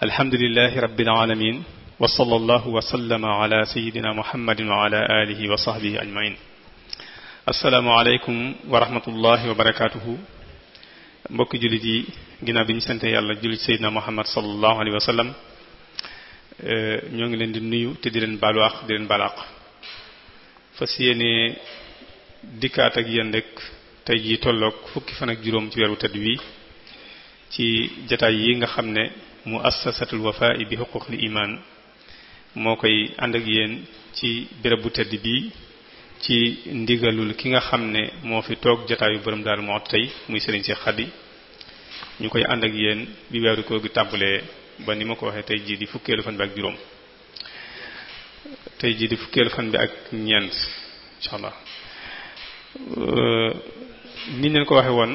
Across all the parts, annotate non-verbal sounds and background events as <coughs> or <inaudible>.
alhamdulilahi rabbil alamin wa sallallahu wa sallama ala sayidina muhammadin wa ala alihi wa sahbihi ajmain asalaamaaleykum mbokki jullit yi ginnaaw bi ñu sant yàlla jullit sayidina muhammad sallallahu alayhi wa sallam eh, ñoo ngi leen di nuyu te di leen baalu àq di leen baal àq fas yéene tey jii tolloog fukki fan juróom ci weeru tëdd ci jataay yi nga xam ne muassasatul wafaa bi xuquqil iman moo koy ànd ak yéen ci béréb bu tedd bii ci ndigalul ki nga xam ne moo fi toog jataayu borom daal moo tey muy sëriñ si xaddi ñu koy ànd ak yéen bi weeru koor gi ba ni ma ko waxee tey jii di fukkeelu fan bi ak juróom tey jii di fukkeelu fan bi ak ñeent incha allah euh, ni leen ko waxee woon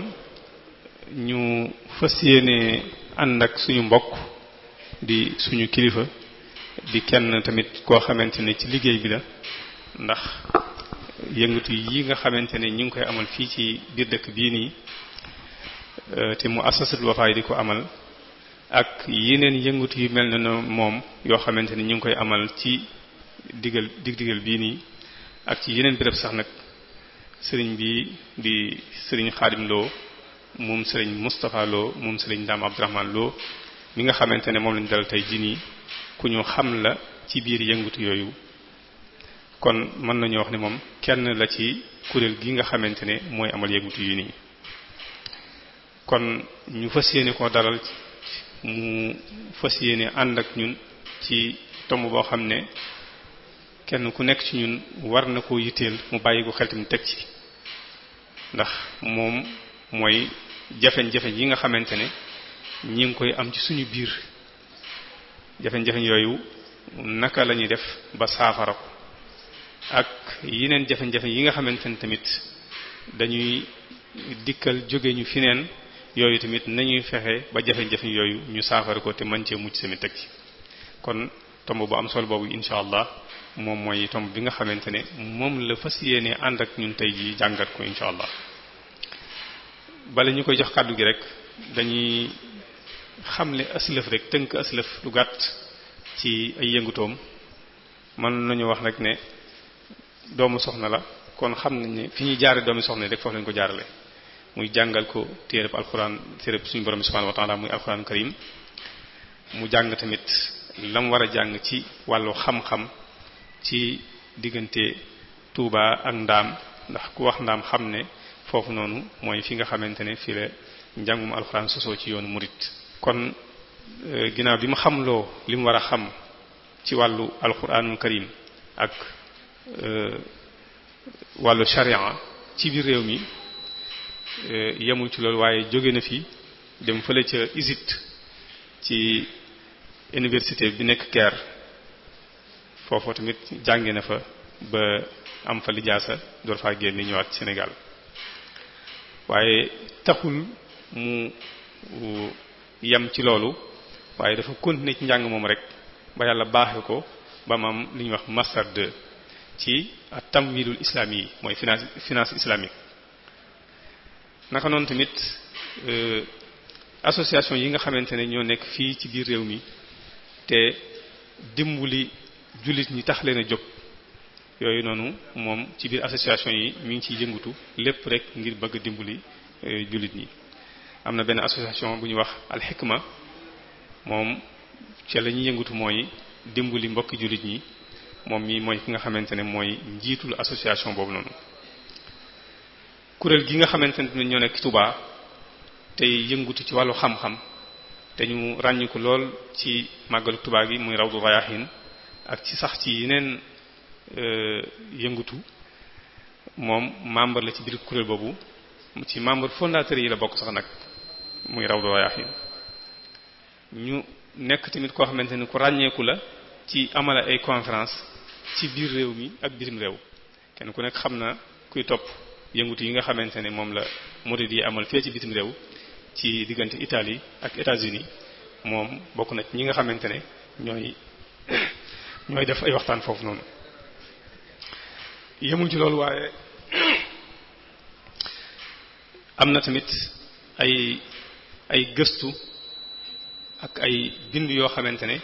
ñu fas yéene ànd ak suñu mbokk di suñu kilifa di kenn tamit koo xamante ne ci liggéey bi la ndax yëngatu yi nga xamante ne ñu ngi koy amal fii ci biir dëkk bii nii euh, te mu asasatul wafaay di ko amal ak yeneen yëngatu yu mel ne moom yoo xamante ne ñu ngi koy amal ci digal dig digal bii nii ak ci yeneen béréb sax nag sëriñ bi di sëriñ Xaadim Lo moom sëriñ Moustapha Lo moom sëriñ Dame Abdourahmane Lo mi nga xamante ne moom lañ dal tey jii nii ku ñu xam la ci biir yëngutu yooyu kon mën nañu wax ne moom kenn la ci kuréel gi nga xamante ne mooy amal yëngutu yu nii kon ñu fas yéene koo dalal mu fas yéene ànd ak ñun ci tomb boo xam ne kenn ku nekk ci ñun war na koo yitteel mu bàyyi ko xel teg ci ndax moom mooy jafe-jafe yi nga xamante ne ñi ngi koy am ci suñu biir jafe-jafe yooyu naka la ñuy def ba saafara ko ak yeneen jafe-jafe yi nga xamante ne tamit dañuy dikkal jóge ñu fi neen yooyu tamit nañuy fexe ba jafe jafeñ yooyu ñu saafara ko te mën cee mucc sami teg ci kon tomb bu am solo boobu incha allah moom mooy tomb bi nga xamante ne moom la fas yéene ànd ak ñun tey ji jàngat ko incha allah. bala ñu koy jox kàddu gi rek dañuy xamle aslëf rek tënk aslëf lu gàtt ci ay yëngutoom mën nañu wax rek ne doomu soxna la kon xam nañ ne fi ñuy jaare doomi soxna rek foofu ko jaarale muy jàngal ko téereb alxuraan téereb suñu borom subhanahu wa ta'ala muy alxuraan karim mu jàng tamit lam war a jàng ci wàllu xam-xam ci diggante Tuuba ak ndaam ndax ku wax ndaam xam ne foofu noonu mooy fi nga xamante ne fi la njàngum alxuraan sosoo ci yoonu murit kon euh, ginnaaw bi mu xamloo li mu war a xam ci wàllu alxuraanul karim ak euh, wàllu sharia ci biir réew mi euh, yemul ci loolu waaye jóge na fi dem fële ca Égypte ci université bi nekk Caire foofu tamit jànge na fa ba am fa lijaasa door faa génn ñëwaat Sénégal waaye taxul mu yem ci loolu waaye dafa continuer ci njàng moom rek ba yàlla baaxe ko ba mu am li ñuy wax master ci at tamwilul islami yi mooy finance finance islamique naka noon tamit e, association yi nga xamante ne ñoo nekk fii ci biir réew mi te dimbali jullit ñi tax leen a jóg yooyu noonu moom ci biir association yi mi ngi ciy yëngatu lépp rek ngir bëgg dimbali euh, jullit ñi. am na benn association bu ñuy wax alxikma moom ca la ñuy yëngatu mooy dimbali mbokki jullit ñi moom mii mooy ki nga xamante ne mooy njiitul association boobu noonu. kuréel gi nga xamante ne ñoo nekk Touba tey yëngatu ci wàllu xam-xam te ñu ràññiku lool ci màggalu Touba gi muy Rawdu Rayaahin ak ci sax ci yeneen. Euh, yëngutu moom membre la ci biir kuréel boobu ci membre fondateur yi la bokk sax nag muy raw dowayaaxin ñu nekk tamit koo xamante ni ku ràññeeku la ci amala ay conférence ci biir réew mi ak bitim réew kenn ku nekk xam na kuy topp yëngutu yi nga xamante ne moom la murid yi amal fee ci bitim réew ci diggante Italie ak États-Unis moom bokk na ci ñi nga xamante ne ñooy <coughs> ñooy def ay waxtaan foofu noonu yemul ci loolu waaye am na tamit ay ay gëstu ak ay bind yoo xamante ne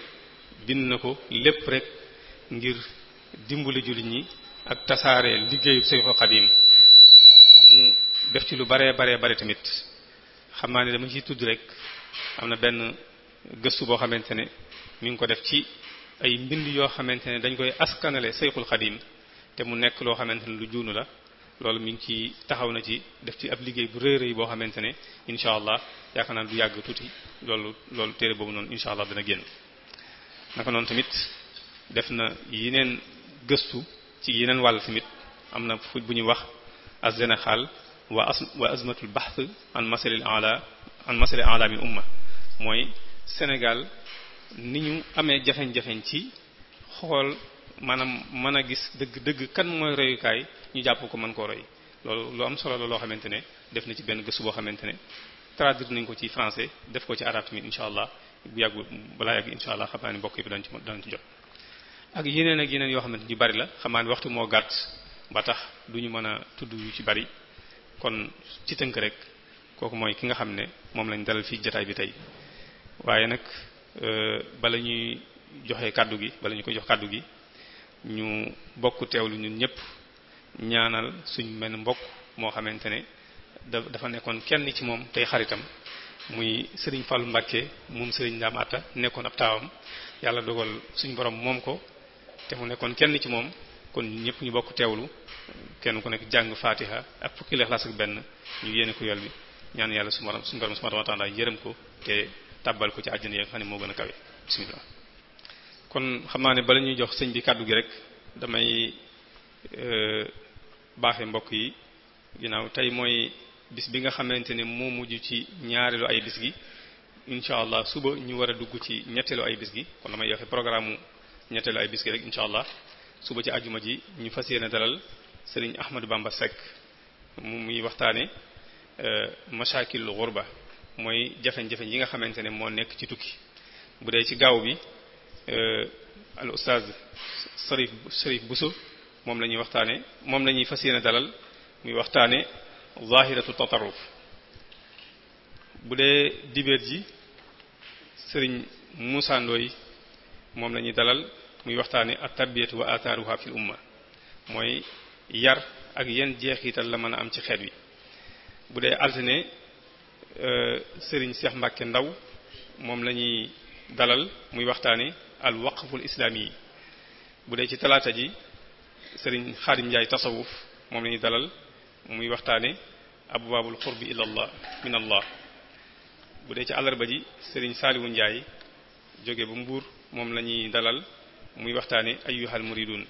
bind na ko lépp rek ngir dimbali jullit ñi ak tasaare liggéeyu Seexul Xadiim mu def ci lu baree bare bare tamit xam naa ne dama ciy tudd rek am na benn gëstu boo xamante ne mi ngi ko def ci ay mbind yoo xamante ne dañ koy askanale Seexul Xadiim te mu nekk loo xamante ne lu juunu la loolu mi ngi ci taxaw na ci def ci ab liggéey bu rëy rëy boo xamante ne incha allah yaakaar naa du yàgg tuuti loolu loolu téere boobu noonu incha allah dana génn naka noonu tamit def na yeneen gëstu ci yeneen wàll tamit am na fu bu ñuy wax az-Zanaxal wa as wa azmatul bahth an masalil ala an masalil ala min umma mooy Sénégal ni ñu amee jafeñ jafeñ ci xool. maanaam mën a gis dëgg dëgg kan mooy reyukaay ñu jàpp ko man koo roy loolu lu am solo la loo xamante ne def na ci benn gëstu boo xamante ne traduire nañ ko ci français def ko ci arabe mi incha allah bu yàggul balaa yàgg incha allah xam naa ne mbokk yi dañ ci dañ ci jot. ak yeneen ak yeneen yoo xamante ni yu bari la xam naa waxtu moo gàtt ba tax du ñu mën a tudd ci bari kon ci tënk rek kooku mooy ki nga xam ne moom lañ dalal fii jataay bi tey waaye nag euh, bala ñuy joxe kàddu gi bala ñu koy jox kàddu gi ñu bokk teewlu ñun ñëpp ñaanal suñ benn mbokk moo xamante ne dafa nekkoon kenn ci moom tey xaritam muy sëriñ Fallou Mbacké moom sëriñ Ndam Atta nekkoon ab taawam yàlla dogal suñ borom moom ko te mu nekkoon kenn ci moom kon ñëpp ñu bokk teewlu kenn ku nekk jàng Fatiha ak fukki Ixlaas ak benn ñu yéene ko yol bi ñaan yàlla suñu borom suñu borom subhanahu wa ta'ala yërëm ko te tàbbal ko ci àjjana yi nga xam ne moo gën a kawe bismillah kon xam naa ne bala ñuy jox sëñ bi kàddu gi rek damay euh, baaxe mbokk yi ginnaaw tey mooy bis bi nga xamante ne moo mujj ci ñaareelu ay bis gi incha allah suba ñu war a dugg ci ñetteelu ay bis gi kon damay joxe programme mu ñetteelu ay bis gi rek incha allah suba ci ajuma ji ñu fas yéene dalal sëriñ Ahmadou Bamba Seck mu muy waxtaane euh, mashakilul ghurba mooy jafe-jafe yi nga xamante ne moo nekk ci tukki bu dee ci gaaw bi Euh, al oustaz Sarif Sarif Bousso moom la ñuy waxtaane moom la ñuy fas yéene dalal muy waxtaane zahiratu tatarruf bu dee dibeer ji sëriñ Moussa moom la ñuy dalal muy waxtaane at tarbiyatu wa athaaruha fil umma mooy yar ak yenn jeexital la mën a am ci xeet bi bu dee altine euh, sëriñ Cheikh Mbacke Ndaw moom lañuy dalal muy waxtaane al waqful bu dee ci talaata ji sëriñ xaadim njaay tasawuf moom lañuy dalal muy waxtaane abwaabul qurbi ilallah min allah bu dee ci àllarba ji sëriñ saaliwu njaay jóge bu mbuur moom lañuy dalal muy waxtaane ayyuhal muridun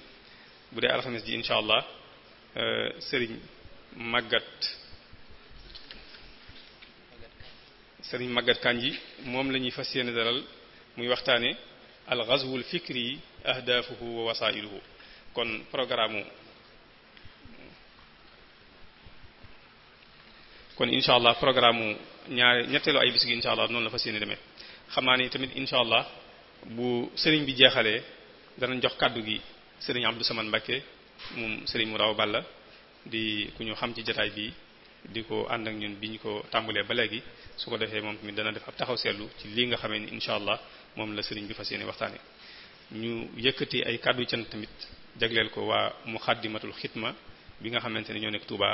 bu dee alxames ji insha allah euh, sëriñ màggat sëriñ màggat kanji moom lañuy fas yéene dalal muy waxtaane al ghazwul fikri ahdaafuhu wa wasailuhu kon programme kon incha allah programme ñaar ñetteelu ay bis gi allah noonu la fa yéene demee xam naa ni tamit incha allah bu sëriñ bi jeexalee danañ jox kàddu gi sëriñ Abdou Samane Mbacké moom sëriñ Mouraw Balla di ku ñu xam ci jataay bi di ko ànd ak ñun bi ñu ko tàmbalee ba léegi su ko defee moom tamit dana def ab taxaw seetlu ci lii nga xamee ni incha allah moom la sëriñ bi fas yéene waxtaane ñu yëkkati ay kàddu cant tamit jagleel ko waa mu muxaddimatul xidma bi nga xamante ne ñoo nekk Touba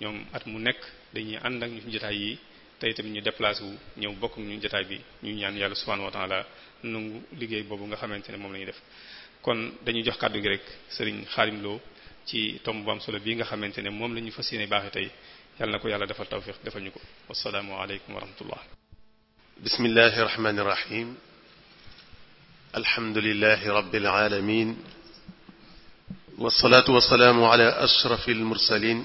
ñoom at mu nekk dañuy ànd ak ñu jotaay yi tey tamit ñu déplacé wu ñëw bokk ñu jotaay bi ñu ñaan yàlla subhanahu wa ta'ala nangu liggéey boobu nga xamante ne moom la ñuy def kon dañuy jox kàddu rek sëriñ Xaadim Lo ci tomb bu am bii nga xamante ne moom la ñu fas yéene baaxee tey yàlla na ko yàlla defal tawfiq defal ñu ko wasalaamu aleykum wa alhamdulilahi rabbil aalamiin wasalaatu wasalaamu ala ashrafil mursaliin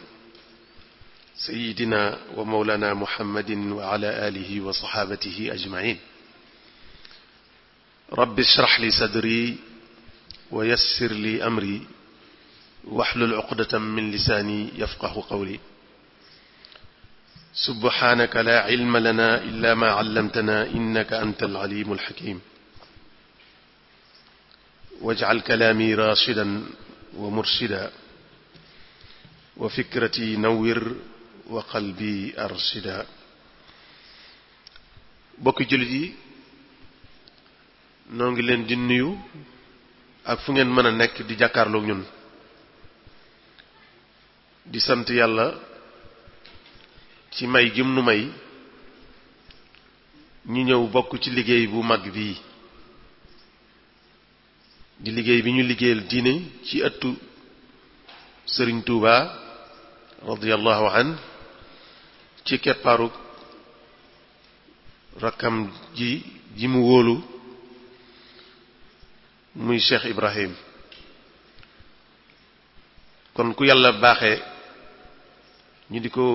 sayyidina wa mawlaanaa muhammadin wa ala aalihi wa saxaabatihi ajmaïn. rabbi sharax li sadri wa yassir li amri waxlul cuqdatan min lisaani yafqahu qawli. subhaanaka laa cilma lanaa illaa maa callamtanaa innaka anta alcaliimu alxakiim. wajcal kalaami raashidan wa murshida wa fikrati nawwir wa qalbi arshida bokki jullit yi noo ngi leen di nuyu ak fu ngeen mën a nekk di jàkkaarloog ñun di sant yàlla ci may gim nu may ñu ñëw bokk ci liggéey bu mag bii di liggéey bi ñu liggéeyal diine ci ëttu sëriñ Touba radiyallahu an ci keppaaruk rakkam ji ji mu wóolu muy Cheikh Ibrahim kon ku yàlla baaxee ñu di ko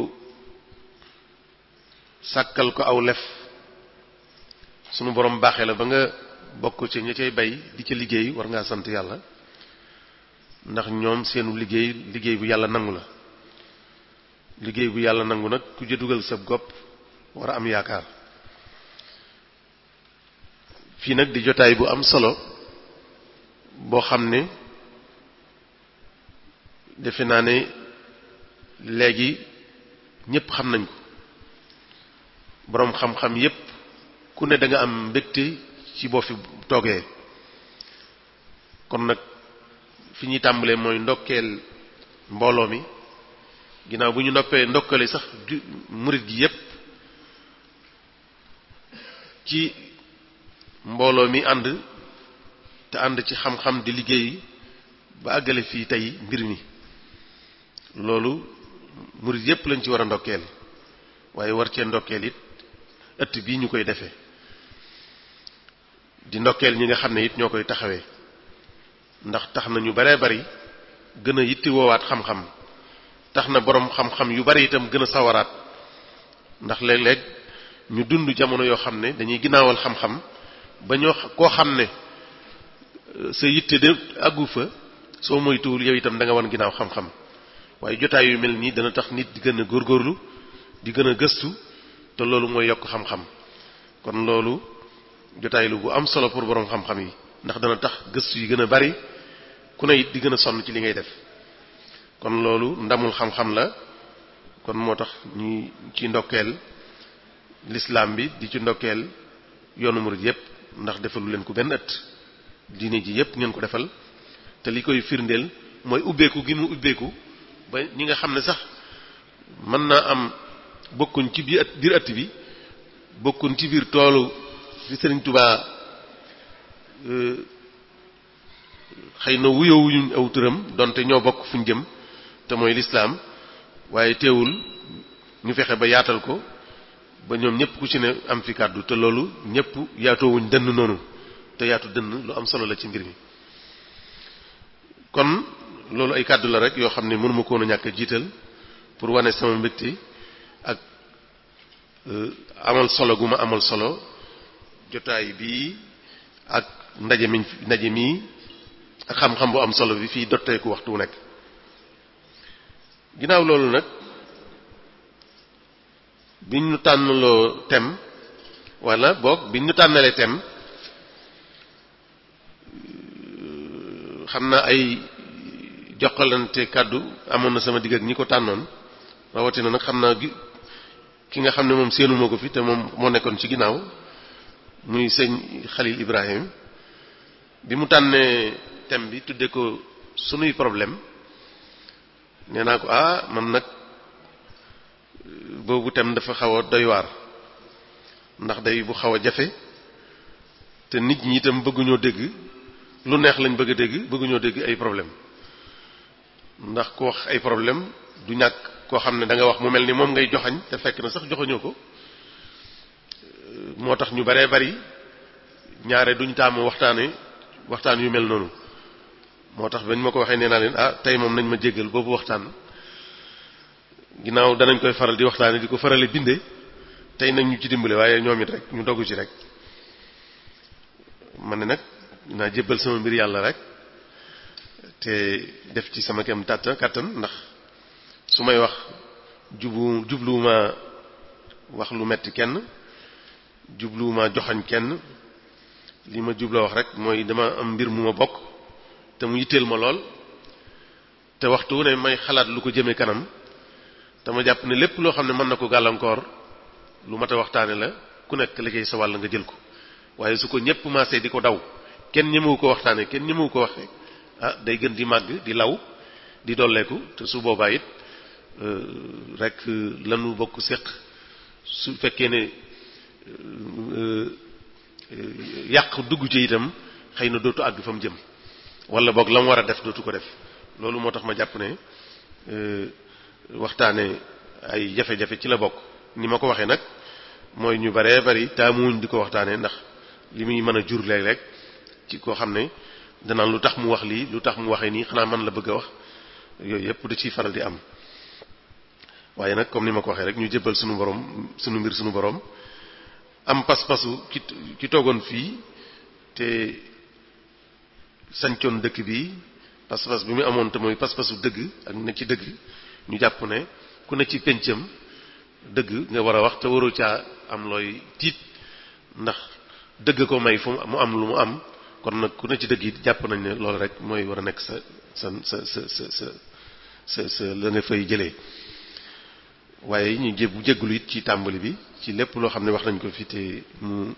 sàkkal ko aw lef sunu borom baaxee la ba nga bokk ci ña cay bay di ca liggéey war ngaa sant yàlla ndax ñoom seenu liggéey liggéey bu yàlla nangu la liggéey bu yàlla nangu nag ku ja dugal sa gopp war a am yaakaar fii nag di jotaay bu am solo boo xam ne defe naa ne léegi ñépp xam nañ ko boroom xam-xam yépp ku ne da am mbégte ci boo fi toogee kon nag fi ñuy tàmbalee mooy ndokkeel mbooloo mi ginnaaw bu ñu noppee ndokkale sax murit gi yépp ci mbooloo mi ànd te ànd ci xam-xam di liggéey ba àggale fii tey mbir mi loolu murit yépp lañ ci war a ndokkeel waaye war cee ndokkeel it ëtt bii ñu koy defee di ndokkeel ñi nga xam ne it ñoo koy taxawee ndax tax na ñu baree bari gën a yitti woowaat xam-xam tax na boroom xam-xam yu bari itam gën a sawaraat ndax léeg-léeg ñu dund jamono yoo xam ne dañuy ginnaawal xam-xam ba ñoo koo xam ne euh, sa yitte de àggu soo moytuwul yow itam da nga wan ginnaaw xam-xam waaye jotaay yu mel nii dana tax nit di gën a góorgóorlu di gën a gëstu te loolu mooy yokk xam-xam kon loolu jotaay lu bu am solo pour boroom xam-xam yi ndax dana tax gëstu yi gën a bari ku ne it di gën a sonn ci li ngay def kon loolu ndamul xam-xam la kon moo tax ñuy ci ndokkeel lislaam bi di ci ndokkeel yoonu murid yépp ndax defalu leen ko benn ëtt diine ji yépp ngeen ko defal te li koy firndeel mooy ubbeeku gi mu ubbeeku ba ñi nga xam ne sax mën naa am bokkuñ ci biir biir ëtt bi bokkuñ ci biir toolu fi sëriñ tubaa euh, xëy na wuyowuñu aw turam donte ñoo bokk fuñ jëm te mooy lislaam waaye teewul ñu fexe ba yaatal ko ba ñoom ñëpp ku ci ne am fi kàddu te loolu ñëpp yaatoowuñ dënn noonu te yaatu dënn lu am solo la ci mbir mi kon loolu ay kàddu la rek yoo xam ne mënuma koon a ñàkk a jiital pour wane sama mbégte ak euh, amal solo gu ma amal solo jotaay bii ak ndaje mi ndaje mii ak xam-xam bu am solo bi fii dotteeku waxtu wu nekk ginnaaw loolu nag bi ñu tànnaloo tem wala boog bi ñu tànnalee tem euh, xam naa ay joxalante kàddu amoon na sama digg ak ñi ko tànnoon rawatina nag xam naa ki nga xam ne moom séenuma ko fi te moom moo nekkoon ci ginnaaw muy sëñ Khalil Ibrahim bi mu tànnee thème bi tudde ko sunuy problème nee naa ko ah man nag boobu thème dafa xaw a doy waar ndax day bu xaw a jafe te nit ñi itam bëgguñoo dégg lu neex lañ bëgg dégg bëgguñoo dégg ay problème ndax ku wax ay problème du ñàkk koo xam ne da wax mu mel ni moom ngay joxañ te fekk na sax joxañoo ko moo tax ñu baree bari ñaare duñ taamu waxtaane waxtaan yu mel noonu moo tax bañ ma ko waxee nee naa leen ah tey moom nañ ma jéggal boobu waxtaan ginnaaw danañ koy faral di waxtaane di ko farale binde tey nañ ñu ci dimbale waaye ñoom it rek ñu doggu ci rek ma ne nag naa jébbal sama mbir yàlla rek te def ci sama kem tàtta kàttan ndax su may wax jubu jubluwuma wax lu metti kenn jubluwuma joxañ kenn li ma jubla wax rek mooy dama am mbir mu ma bokk te mu yitteel ma lool te waxtu wu ne may xalaat lu ko jëmee kanam te ma jàpp ne lépp loo xam ne mën na ko gàllankoor lu mata a waxtaane la ku nekk la sa wàll nga jël ko waaye su ko ñëpp maasee di ko daw kenn ñemewu ko waxtaane kenn ñemewu ko waxe ah day gën di màgg di law di dolleeku te su boobaay it euh, rek euh, lanu bokk séq su fekkee ne Euh, euh, yàq dugg ci itam xëy na dootu àgg fa mu jëm wala boog la mu war a def dootu ko def loolu moo tax ma jàpp ne euh, waxtaane ay jafe-jafe ci la bokk ni ma ko waxee nag mooy ñu baree bari taamuwuñ di ko waxtaanee ndax li muy mën a jur léeg-léeg ci koo xam ne danaan lu tax mu wax lii lu tax mu waxee nii xanaa man la bëgg a wax yooyu yëpp da ciy faral di am waaye nag comme ni ma ko waxee rek ñu jëppal sunu borom sunu mbir sunu borom am pas-pasu ki toogoon fii te sancoon dëkk bi pas-pas bi mu amoon te mooy pas-pasu dëgg ak ne ci dëgg ñu jàpp ne ku ne ci péncam dëgg nga war a wax te waroo caa am looy tiit ndax dëgg ko may fu mu am lu mu am kon nag ku ne ci dëgg yi jàpp nañ ne loolu rek mooy war a nekk sa sa sa sa sa la nga fay jëlee waaye ñu jé jéggalu it ci tàmbali bi ci lépp loo xam ne wax nañ ko fi te mu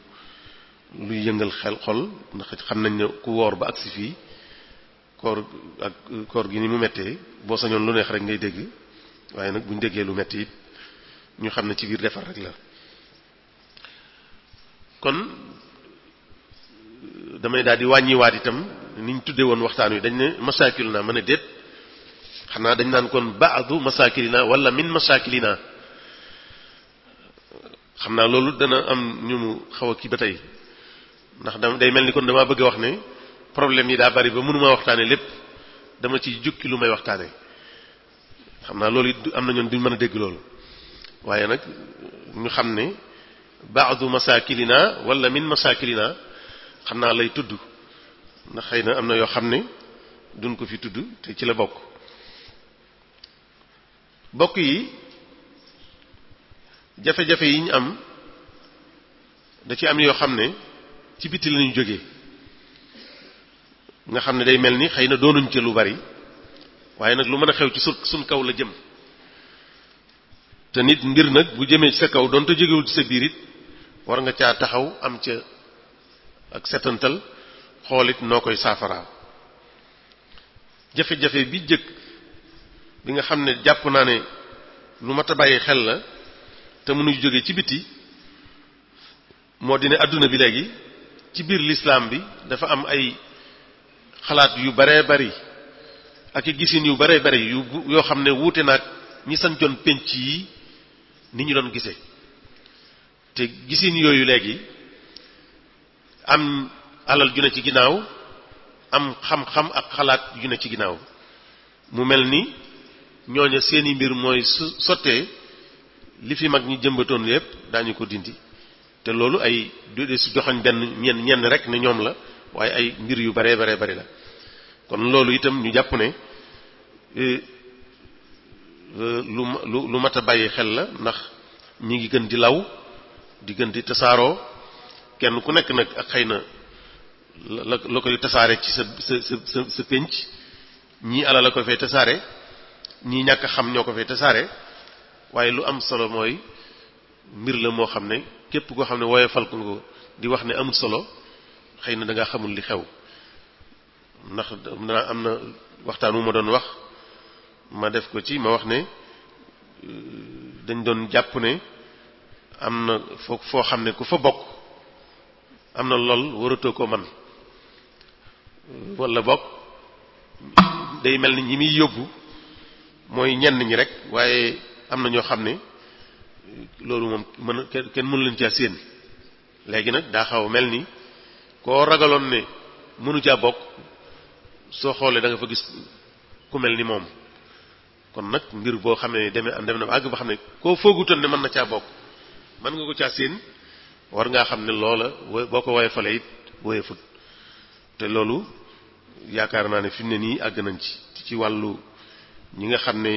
luy yëngal xel xol ndax xam nañ ne ku woor ba agsi fii koor gi ni mu mettee boo sañoon lu neex rek ngay dégg waaye nag buñ déggee lu metti it ñu xam ne ci biir defar rek la kon damay daal di wàññiwaat itam niñ tudde woon waxtaan wi dañ ne masaakil naa mën a déet xanaa dañ naan kon baadu masakirina wala min masakirina xam naa loolu dana am ñu mu xaw a kii ba tey ndax dama day mel ni kon damaa bëgg a wax ne problème yi daa bari ba mënuma waxtaane lépp dama ci jukki lu may waxtaane xam naa loolu it am na ñoon duñ mën a dégg loolu waaye nag ñu xam ne baadu masakilina wala min masakilina xam naa lay tudd ndax xëy na am na yoo xam ne duñ ko fi tudd te ci la bokk bokk yi jafe-jafe yi ñu am da ci am yoo xam ne ci biti lañu jóge nga xam ne day mel ni xëy na doonuñ ci lu bari waaye nag lu mën a xew ci suñ kaw la jëm te nit mbir nag bu jëmee ci sa kaw doonte jógewul ci sa biir it war nga caa taxaw am ca ak setantal xoolit noo koy saafaraa jafe-jafe bi jëkk bi nga xam ne jàpp naa ne lu mat a bàyyi xel la te mënuy jóge ci biti moo di ne àdduna bi léegi ci biir lislaam bi dafa am ay xalaat yu baree bari ak i yu baree bari yu yoo xam ne wuute naag ñi sancoon pénc yi ni ñu doon gisee te gisin yooyu léegi am alal ju ne ci ginnaaw am xam-xam ak xalaat ju ne ci ginnaaw mu mel ni ñooña seeni mbir mooy su sottee li fi mag ñi jëmbatoon yépp daañu ko dindi te loolu ay du su joxañ benn ñenn ñenn rek ne ñoom la waaye ay mbir yu baree baree bari la kon loolu itam ñu jàpp ne e, e, lu lu mat a bàyyi xel la ndax ñi ngi gën di law di gën di tasaaroo kenn ku nekk nag ak xëy na la la koy tasaare ci sa sa sa pénc ñii ala la ko fay tasaare ñii ñàkk xam ñoo ko fay tasaare waaye lu am solo mooy mbir la moo xam ne képp koo xam ne woyofal ko di wax ne amul solo xëy na danga xamul li xew ndax danaa am na waxtaan wu ma doon wax ma def ko ci ma wax ne euh, dañ doon jàpp ne am na foo foo xam ne ku fa bokk am na lool waratoo ko man walla bokk day mel ni ñi muy yóbbu mooy ñenn ñi rek waaye am na ñoo xam ne loolu moom mën kenn mënu leen caa séen léegi nag daa xaw mel ni koo ragaloon ne mënu caa bokk soo xoolee da nga fa gis ku mel ni moom kon nag mbir boo xamee ne demee dem na àgg ba xam ne koo foogutoon ne mën na caa bokk mën nga ko caa séen war ngaa xam ne loola boo ko woye fale it woye fut te loolu yaakaar naa ne fi mu ne nii àgg nañ ci ci wàllu ñi nga xam ne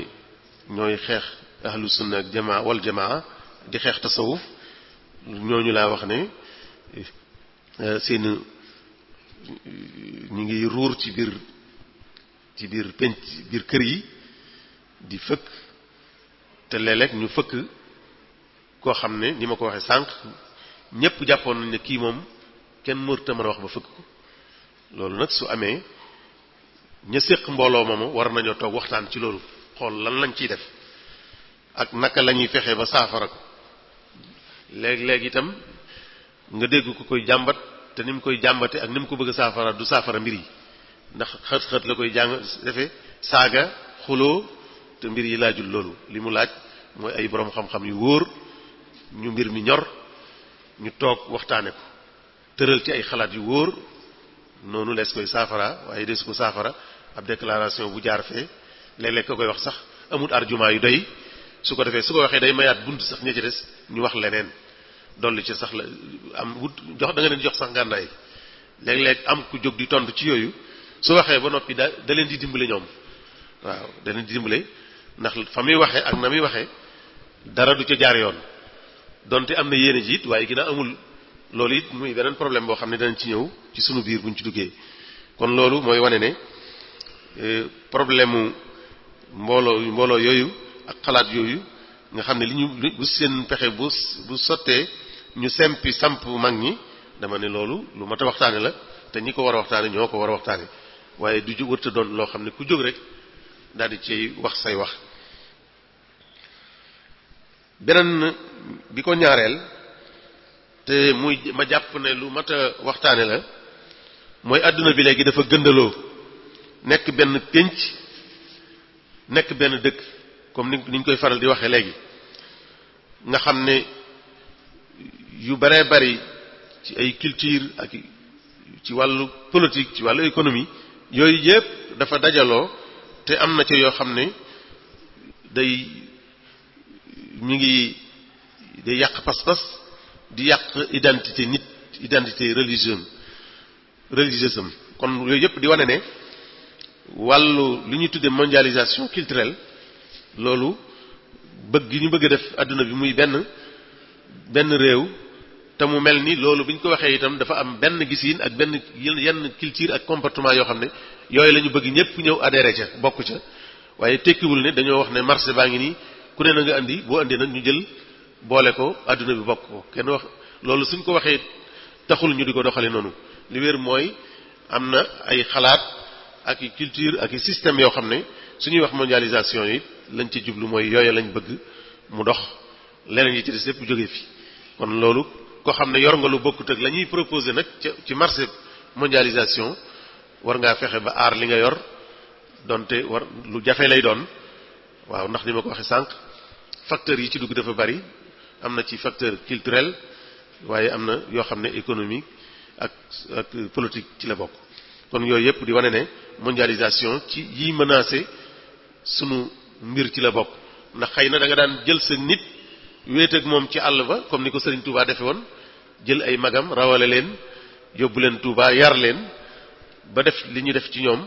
ñooy xeex ahlu sunna ak jamaa wal jamaa di xeex tasawuf ñooñu laa wax ne eh, seeni ñu ngi ruur ci biir ci biir penc biir kër yi di fëkk te léeg ñu fëkk koo xam ne ni ma ko waxee sànq ñépp jàppoon nañ ne kii moom kenn mënut a a wax ba fëkk ko loolu nag su amee ña séq mbooloo moomu war nañoo toog waxtaan ci loolu xool lan lañ ciy def ak naka lañuy ñuy fexe ba saafara ko léeg-léeg itam nga dégg ko koy jàmbat te ni mu koy jàmbate ak ni mu ko bëgg saafara du saafara mbir yi ndax xët-xët la koy jàng defee saaga xuloo te mbir yi laajul loolu li mu laaj mooy ay borom xam-xam yu wóor ñu mbir mi ñor ñu toog waxtaane ko tëral ci ay xalaat yu wóor noonu lees koy saafara waaye de su ko saafara ab déclaration bu jaar fee léeg-léeg ka koy wax sax amul arjuma yu doy su ko defee su ko waxee day mayaat bunt sax ña ci des ñu wax leneen dolli ci sax la am jox da nga leen jox sax ngànnaay léeg-léeg am ku jóg di tontu ci yooyu su waxee ba noppi da da leen di dimbale ñoom waaw da di dimbale ndax fa muy waxee ak na muy waxee dara du ca jaar yoon donte am na yéene ji it waaye ginnaaw amul loolu it muy beneen problème boo xam ne danañ ci ñëw ci suñu biir buñ ci duggee kon loolu mooy wane ne euh, problème mu mbooloo mbooloo yooyu ak xalaat yooyu nga xam ne li ñu bu seen pexe bu bu sottee ñu sempi samp mag ñi dama ne loolu lu mat a waxtaane la te ñi ko war a waxtaane ñoo ko war a waxtaane waaye du jóg wërta doon loo xam ne ku jóg rek daal di ciy wax say wax beneen bi ko ñaareel te muy ma jàpp ne lu mat a waxtaane la mooy àdduna bi léegi dafa gëndaloo nekk benn pénc nekk benn dëkk comme ni ñu koy faral di waxe léegi nga xam ne yu baree bari ci ay culture ak ci wàllu politique ci wàllu économie yooyu yépp dafa dajaloo te am na ci yoo xam ne day mi ngi day yàq pas-pas di yàq identité nit identité religieuse religieuse am kon yooyu yëpp di wane ne wàllu li ñuy tuddee mondialisation culturelle loolu bëgg gi ñu bëgg def àdduna bi muy benn benn réew te mu mel ni loolu bi ñu ko waxee itam dafa am benn gisin ak benn yenn culture ak comportement yoo xam ne yooyu la ñu bëgg ñëpp ñëw adhéré ca bokk ca waaye tekkiwul ne dañoo wax ne marché baa ngi nii ku ne na nga andi boo andi nag ñu jël boole ko adduna bi bokk ko kenn wax loolu suñ ko waxee taxul ñu di ko doxale noonu li mooy am na ay xalaat ak i culture ak i système yoo xam ne suñuy wax mondialisation yi lañ ci jublu mooy yooya lañu bëgg mu dox leneen yi ci des yëpp jógee fi kon loolu ko xam ne yor nga lu bokkut ak la ñuy proposé nag ci marché mondialisation war ngaa fexe ba aar li nga yor donte war lu jafe lay doon waaw ndax ni ma ko waxee sànq facteurs yi ci dugg dafa bari am na ci facteur culturel waaye am na yoo xam ne économie ak ak ci la bokk kon yooyu yëpp di wane ne mondialisation ci yi menacé sunu mbir ci la bokk ndax xëy na danga daan jël sa nit wéet moom ci àll ba comme ni ko Serigne Touba defe woon jël ay magam rawale leen yóbbu leen Touba yar leen ba def li ñu def ci ñoom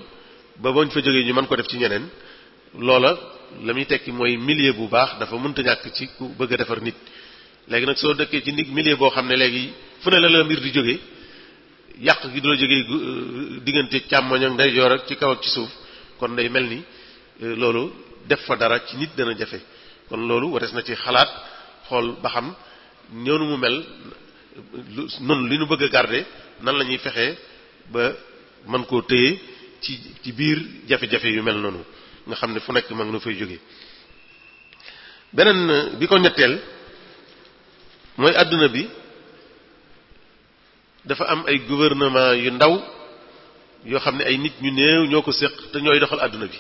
ba bañ fa jógee ñu mën ko def ci ñeneen loola la muy tekki mooy milieu bu baax dafa mënta ñàkk ci ku bëgg a defar nit léegi nag soo dëkkee ci ni milieu boo xam ne léegi fu ne la la mbir di jógee yàq gi du la jógee euh, diggante càmmoñ ak joor ak ci kaw ak ci suuf kon day mel ni euh, loolu def fa dara ci nit dana jafe kon loolu warees na ci xalaat xool ba xam ñoonu mu mel noonu li ñu bëgg a garder nan la ñuy fexee ba mën koo téye ci ci biir jafe-jafe yu mel noonu nga xam ne fu nekk mag nu fay jóge beneen bi ko ñetteel mooy àdduna bi dafa am ay gouvernement yu ndaw yoo xam ne ay nit ñu néew ñoo ko séq te ñooy doxal àdduna bi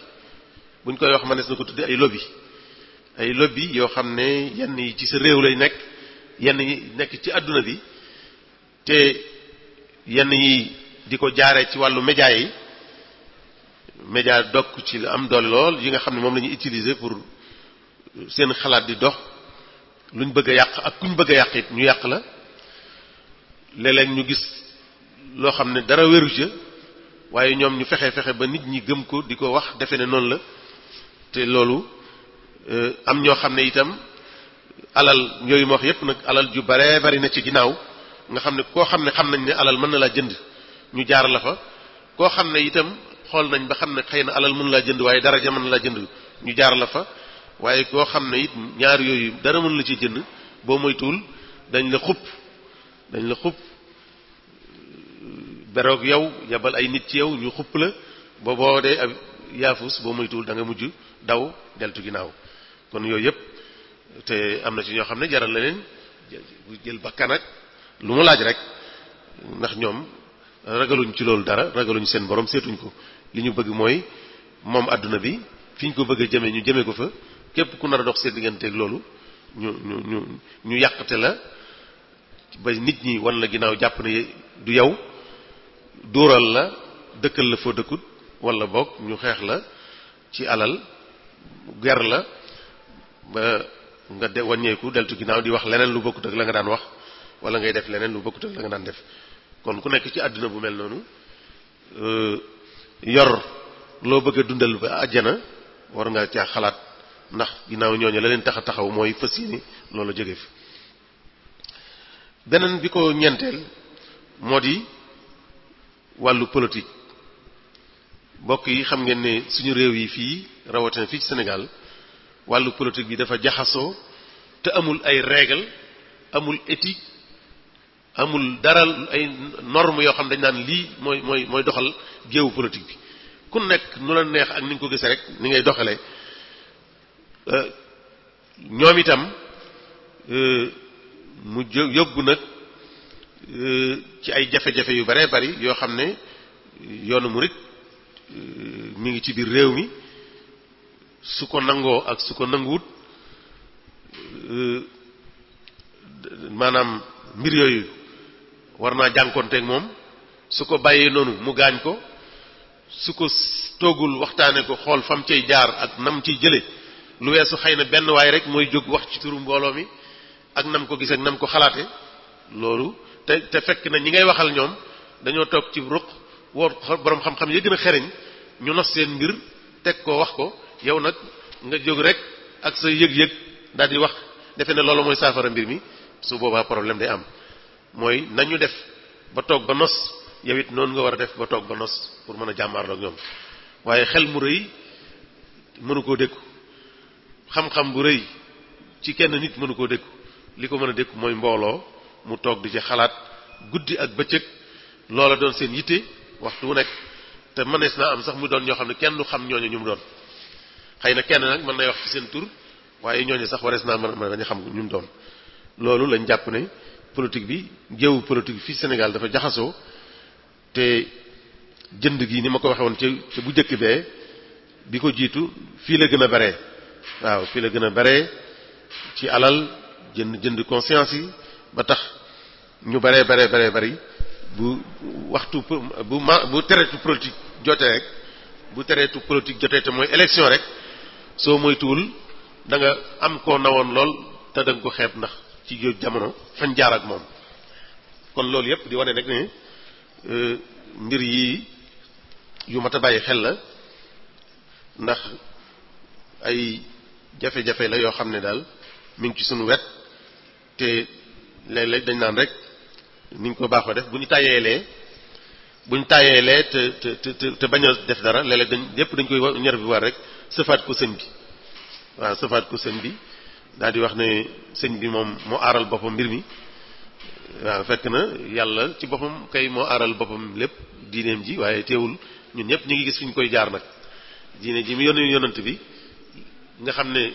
buñ koy wax manees na ko tuddee ay lobby ay lobby yoo xam ne yenn yi ci sa réew lay nekk yenn yi nekk ci àdduna bi te yenn yi di ko jaaree ci wàllu média yi média dokk ci la am doole lool yi nga xam ne moom la ñuy utiliser pour seen xalaat di dox luñ bëgg a yàq ak kuñ bëgg a yàq ñu yàq la léeg ñu gis loo xam ne dara wéru ca waaye ñoom ñu fexe fexe ba nit ñi gëm ko di ko wax defe ne noonu la te loolu euh, am ñoo xam ne itam alal yooyu ma wax yépp nag alal ju bare bari na ci ginnaaw nga xam ne koo xam ne xam nañ ne alal mën na laa jënd ñu jaar la fa koo xam ne itam xool nañ ba xam ne xëy na alal mën laa jënd waaye daraja mën na laa jënd ñu jaar la fa waaye koo xam ne it ñaar yooyu dara mën la ci jënd boo moytuwul dañ la xupp dañ la xupp beroog yow yabal ay nit ci yow ñu xupp la ba boo dee ab yaafus boo moytuwul da nga mujj daw deltu ginnaaw kon yooyu yëpp te am na ci ñoo xam ne jaral la leen jël bakkan ak lu mu laaj rek ndax ñoom ragaluñ ci loolu dara ragaluñ seen borom seetuñ ko li ñu bëgg mooy moom àdduna bi fi ñu ko bëgg a jëme ñu jëme ko fa képp ku nar dox seen digganteeg loolu ñu ñu ñu ñu yàqate la ba nit ñi wan la ginnaaw jàpp na du yow dóoral la dëkkal la foo dëkkut walla bokk ñu xeex la ci alal ger la ba nga de wàññeeku deltu ginnaaw di wax leneen lu bokkut ak la nga daan wax wala ngay def leneen lu bokkut ak la nga daan def kon ku nekk ci àddina bu mel noonu euh, yor loo bëgg dundal ba àjjana war nga caa xalaat ndax ginnaaw ñooñu la leen tax a taxaw mooy fas yéene loolu jóge fi beneen bi ko ñeenteel moo di wàllu politique mbokk yi xam ngeen ne suñu réew yi fii rawatina fii ci Sénégal wàllu politique bi dafa jaxasoo te amul ay règle amul éthique amul dara ay norme yoo xam dañ naan lii mooy mooy mooy doxal géewu politique bi ku nekk nu la neex ak ni nga ko gisee rek ni ngay doxalee Euh, ñoom itam euh, mu yóbbu nag euh, ci ay jafe-jafe yu bare bari yoo xam ne yoonu murit mu ngi ci biir réew mi su ko nangoo ak su ko nanguwut maanaam mbir yooyu war naa jànkonteeg moom su ko bàyyee noonu mu gaañ ko su ko toogul waxtaane ko xool fam cay jaar ak nam ciy jële lu weesu xëy na benn waay rek mooy jóg wax ci turu mbooloo mi ak nam ko gis ak nam ko xalaate loolu te te fekk na ñi ngay waxal ñoom dañoo toog ci ruq woor borom xam-xam ya gën nos seen mbir teg ko wax ko yow nag nga jóg rek ak sa yëg-yëg daal di wax defe ne loolu mooy saafara mbir mi su boobaa problème day am mooy nañu def ba toog ba nos yow it noonu nga war a def ba toog ba nos pour mën a jàmmaarloo ak ñoom waaye xel mu rëy mënu koo dékku xam-xam bu rëy ci kenn nit mënu koo dékku li ko mën a dékku mooy mbooloo mu toog di ci xalaat guddi ak bëccëg loola doon seen yitte waxtu wu nekk te mënees naa am sax mu doon ñoo xam ne kenn du xam ñooñu ñu doon xëy na kenn nag mën nay wax ci seen tur waaye ñooñu sax warees naa mën mën a xam ñu mu doon loolu lañ jàpp ne politique bi géewu politique fii Sénégal dafa jaxasoo te jënd gi ni ma ko waxewoon ci ca bu njëkk bee bi ko jiitu fii la gën a bare waaw fii la gën a bare ci alal jënd jënd conscience yi ba tax ñu bare bare bare bari bu waxtu bu ma bu tereetu politique jotee rek bu tereetu politique jotee te mooy élection rek soo moytuwul danga am ko koo woon lool te da ko xeeb ndax ci jooju jamono fañ jaar ak moom kon loolu yëpp di wane rek ne euh, mbir yii yu mat a bàyyi xel la ndax ay jafe-jafe la yoo xam ne daal mi ngi ci suñu wet te léeg-léeg dañ naan rek ni ko baaxoo def bu ñu tàyeelee bu ñu tàyeelee te te te te bañ a def dara léeg dañ yépp dañ koy ñer bi war rek sëfaat ko sëñ bi waaw sëfaat bi daal di wax ne sëñ bi moom moo aaral boppam mbir mi waaw fekk na yàlla ci boppam kay moo aaral boppam lépp diineem ji waaye teewul ñun ñëpp ñu ngi gis fi ñu koy jaar nag diine ji mu yónni yonant bi nga xam ne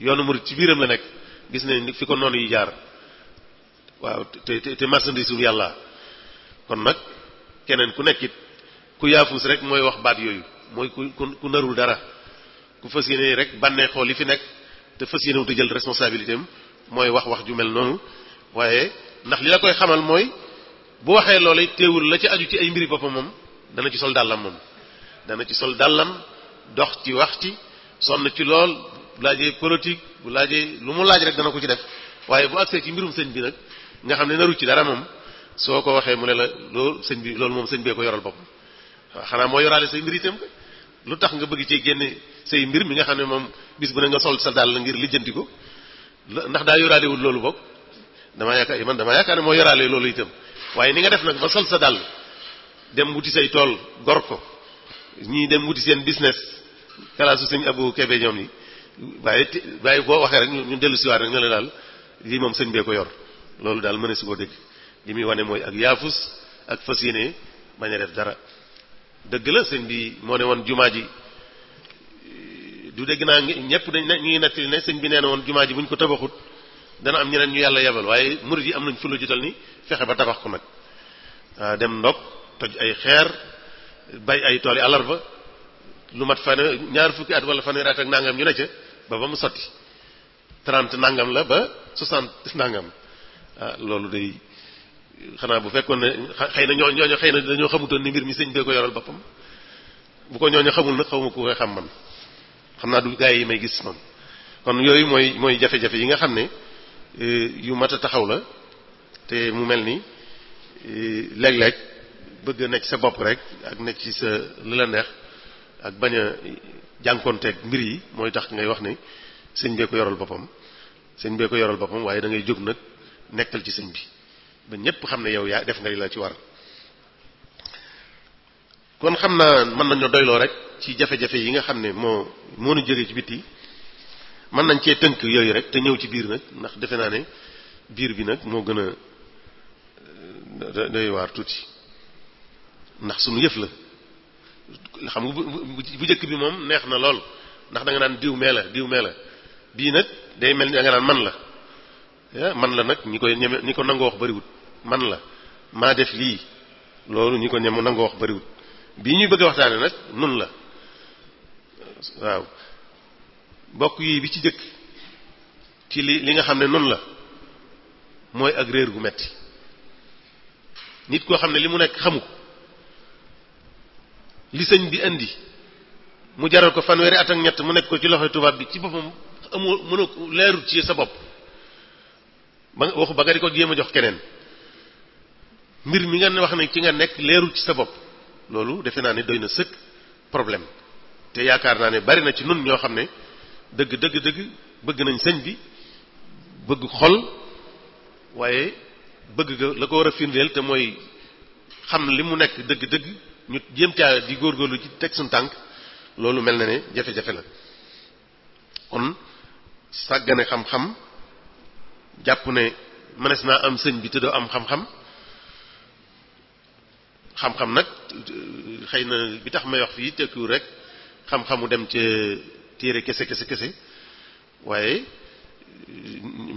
yoonu murid ci biiram la nekk gis ne fi ko noonu yi jaar waaw te te te marchandise yàlla kon nag keneen ku nekkit ku yaafus rek mooy wax baat yooyu mooy ku ku narul dara ku fas yéene rek bànneexoo li fi nekk te fas yéene wu jël responsabilité mooy wax wax ju mel noonu waaye ndax li la koy xamal mooy bu waxee loola teewul la ci aju ci ay mbiri boppam moom dana ci sol dàllam moom dana ci sol dàllam dox ci wax ci sonn ci lool bu laajee politique bu laajee lu mu laaj rek dana ko ci def waaye bu agsee ci mbirum sëñ bi nag nga xam ne naru ci dara moom soo ko waxee mu ne la loolu sëñ bi loolu moom sëñ bee ko yoral bopp xanaa moo yoraale say mbir itam lu tax nga bëgg cee génne say mbir mi nga xam ne moom bis bu ne nga sol sa daal ngir lijjanti ko ndax daa yoraalewul loolu bokk damaa yaakaar man damaa yaakaar ne moo yoraale loolu itam waaye ni nga def nag ba sol sa daal dem wuti say tool gor ko ñii dem wuti seen business kalaasu sëñ Abu Kebe ñoom ni waaye waaye boo waxee rek ñu dellu siwaar rek nga la daal lii moom sëñ bee ko yor loolu daal mën ne su ko dégg li muy wane mooy ak yaafus ak fas yéene bañ a def dara dëgg la sëñ bi moo ne woon jumaa ji du dégg naa ñëpp dañ ñu ngi nettali ne sëñ bi nee na woon jumaa ji bu ñu ko tabaxut dana am ñeneen ñu yàlla yebal waaye murid yi am nañ fulla jutal ni fexe ba tabax ko nag ah, dem ndog toj ay xeer bay ay tooli alarba lu mat fan ñaar fukki at wala fanweeri at ak nangam ñu ne ca ba ba mu sotti trent nangam la ba soixante nangam ah loolu de xanaa bu fekkoon ne xëy na ñoo ñooñu xëy na dañoo xamutoon ni mbir mi sëñ bee ko yoral boppam bu ko ñooñu xamul nag xawma ku koy xam man xam naa du gaa yi may gis man kon yooyu mooy mooy jafe-jafe yi nga xam ne eh, yu mat a taxaw la te mu mel ni eh, léeg-léeg bëgg nekk sa bopp rek ak nekk ci sa li la neex ak bañ a jànkoonteeg mbir yi mooy tax ngay wax ne sëñ bee ko yoral boppam sëñ bee ko yoral boppam waaye dangay ngay jóg nag nekkal ci sëñ bi ba ñépp xam ne yow yaa def nga li la ci war kon xam naa mën nañoo doyloo rek ci jafe-jafe yi nga xam ne moo moo nu jógee ci biti mën nañ cee tënk yooyu rek te ñëw ci biir nag ndax defe naa ne biir bi nag moo gën a euh, doy tuuti ndax suñu yëf la xam nga bu njëkk bi moom neex na lool ndax da nga naan diw mee la diw mee la bii nag day mel ni da nga man la eh, man la nag ñi koy ñeme ñi ko nangoo wax bariwut man la maa def lii loolu ñi ko ñem nangoo wax bariwut bii ñuy bëgg a waxtaane nag nun la waaw bokk yi bi ci jëkk ci li li nga xam ne nun la mooy ak réer gu metti nit koo xam ne li mu nekk xamu li sëñ bi indi mu jaral ko fanweeri at ñett mu nekk ko ci loxoy tubaab bi ci boppam amul mënu leerul ci sa bopp ba nga waxu ba nga di ko jéem a jox keneen mbir mi nga wax ne ci nga nekk leerul ci sa bopp loolu defe naa ne doy na sëkk problème te yaakaar naa ne bari na ci nun ñoo xam ne dëgg dëgg bëgg nañ sëñ bi bëgg xol waaye bëgg ga la ko war a firndeel te mooy xam li mu nekk dëgg dëgg ñu jéem caa di góorgóorlu ci teg suñu tànk loolu mel na ne jafe-jafe la kon sàggane xam-xam jàpp ne mënees naa am sëñ bi te doo am xam-xam xam nag xëy na bi tax may wax fii tekkiwul rek xam-xamu dem ca téere kese kese kese waaye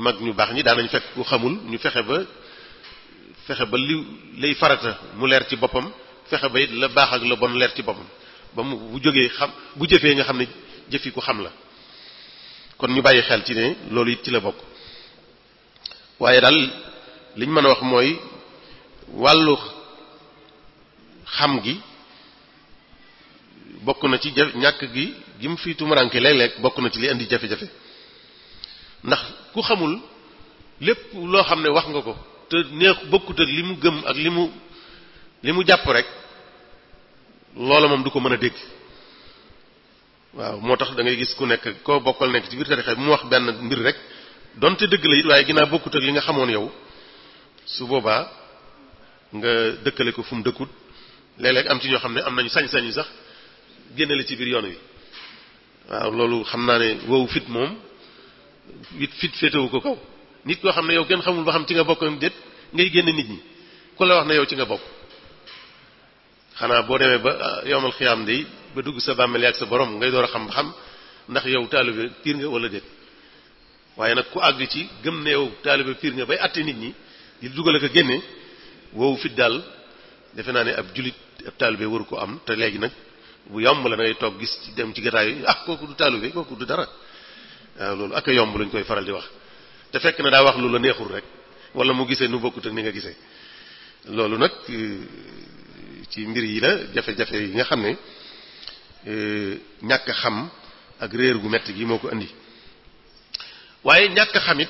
mag ñu baax ñi daan nañ fekk ku xamul ñu fexe ba fexe ba li lay farata mu leer ci boppam fexe ba it la baax ak la bon leer ci boppam ba mu bu jógee xam bu jëfee nga xam ne jëfi ku xam la kon ñu bàyyi xel ci ne loolu it ci la bokk waaye daal liñ mën a wax mooy wàllu xam gi bokk na ci ñàkk gi gi mu fi tumuranke léeg-léeg bokk na ci li indi jafe-jafe ndax ku xamul lépp loo xam ne wax nga ko te neex bokkut li mu gëm ak li mu li mu jàpp rek loola moom du ko mën a dégg waaw moo tax dangay gis ku nekk koo bokkal nekk ci biir tarixa bi mu wax benn mbir rek donte dëgg la it waaye ginnaaw bokkut ak li nga xamoon yow su boobaa nga dëkkale ko fu mu dëkkut léeg-léeg am ci ñoo xam ne am nañu sañ-sañ sax génne la ci biir yoon wi waaw loolu xam naa ne wowu fit moom it fit féetewu ko kaw nit koo xam ne yow kenn xamul ba xam ci nga bokk déet ngay génne nit ñi ku la wax na yow ci nga bokk xanaa boo demee ba ah, yowmal xiyaam day ba dugg sa bàmmeel ak sa borom ngay door a xam-xam ndax yow taalibe piir nga walla déet waaye nag ku àgg ci gëm ne yow taalibe piir nga bay atte nit ñi di dugal ak a génne woowu fit daal defe naa ne ab julit ab taalibe waru ko am te léegi nag bu yomb la dangay toog gis ci dem ci gataay yi ah kooku du taalibe kooku du dara waaw ah, loolu ak a yomb lañ koy faral di wax te fekk na daa wax lu la neexul rek wala mu gisee nu bokkut ak ni nga gisee nag euh, ci mbir yi la jafe-jafe yi nga xam ne euh, ñàkk xam ak réer gu metti gi moo ko indi waaye ñàkk xam it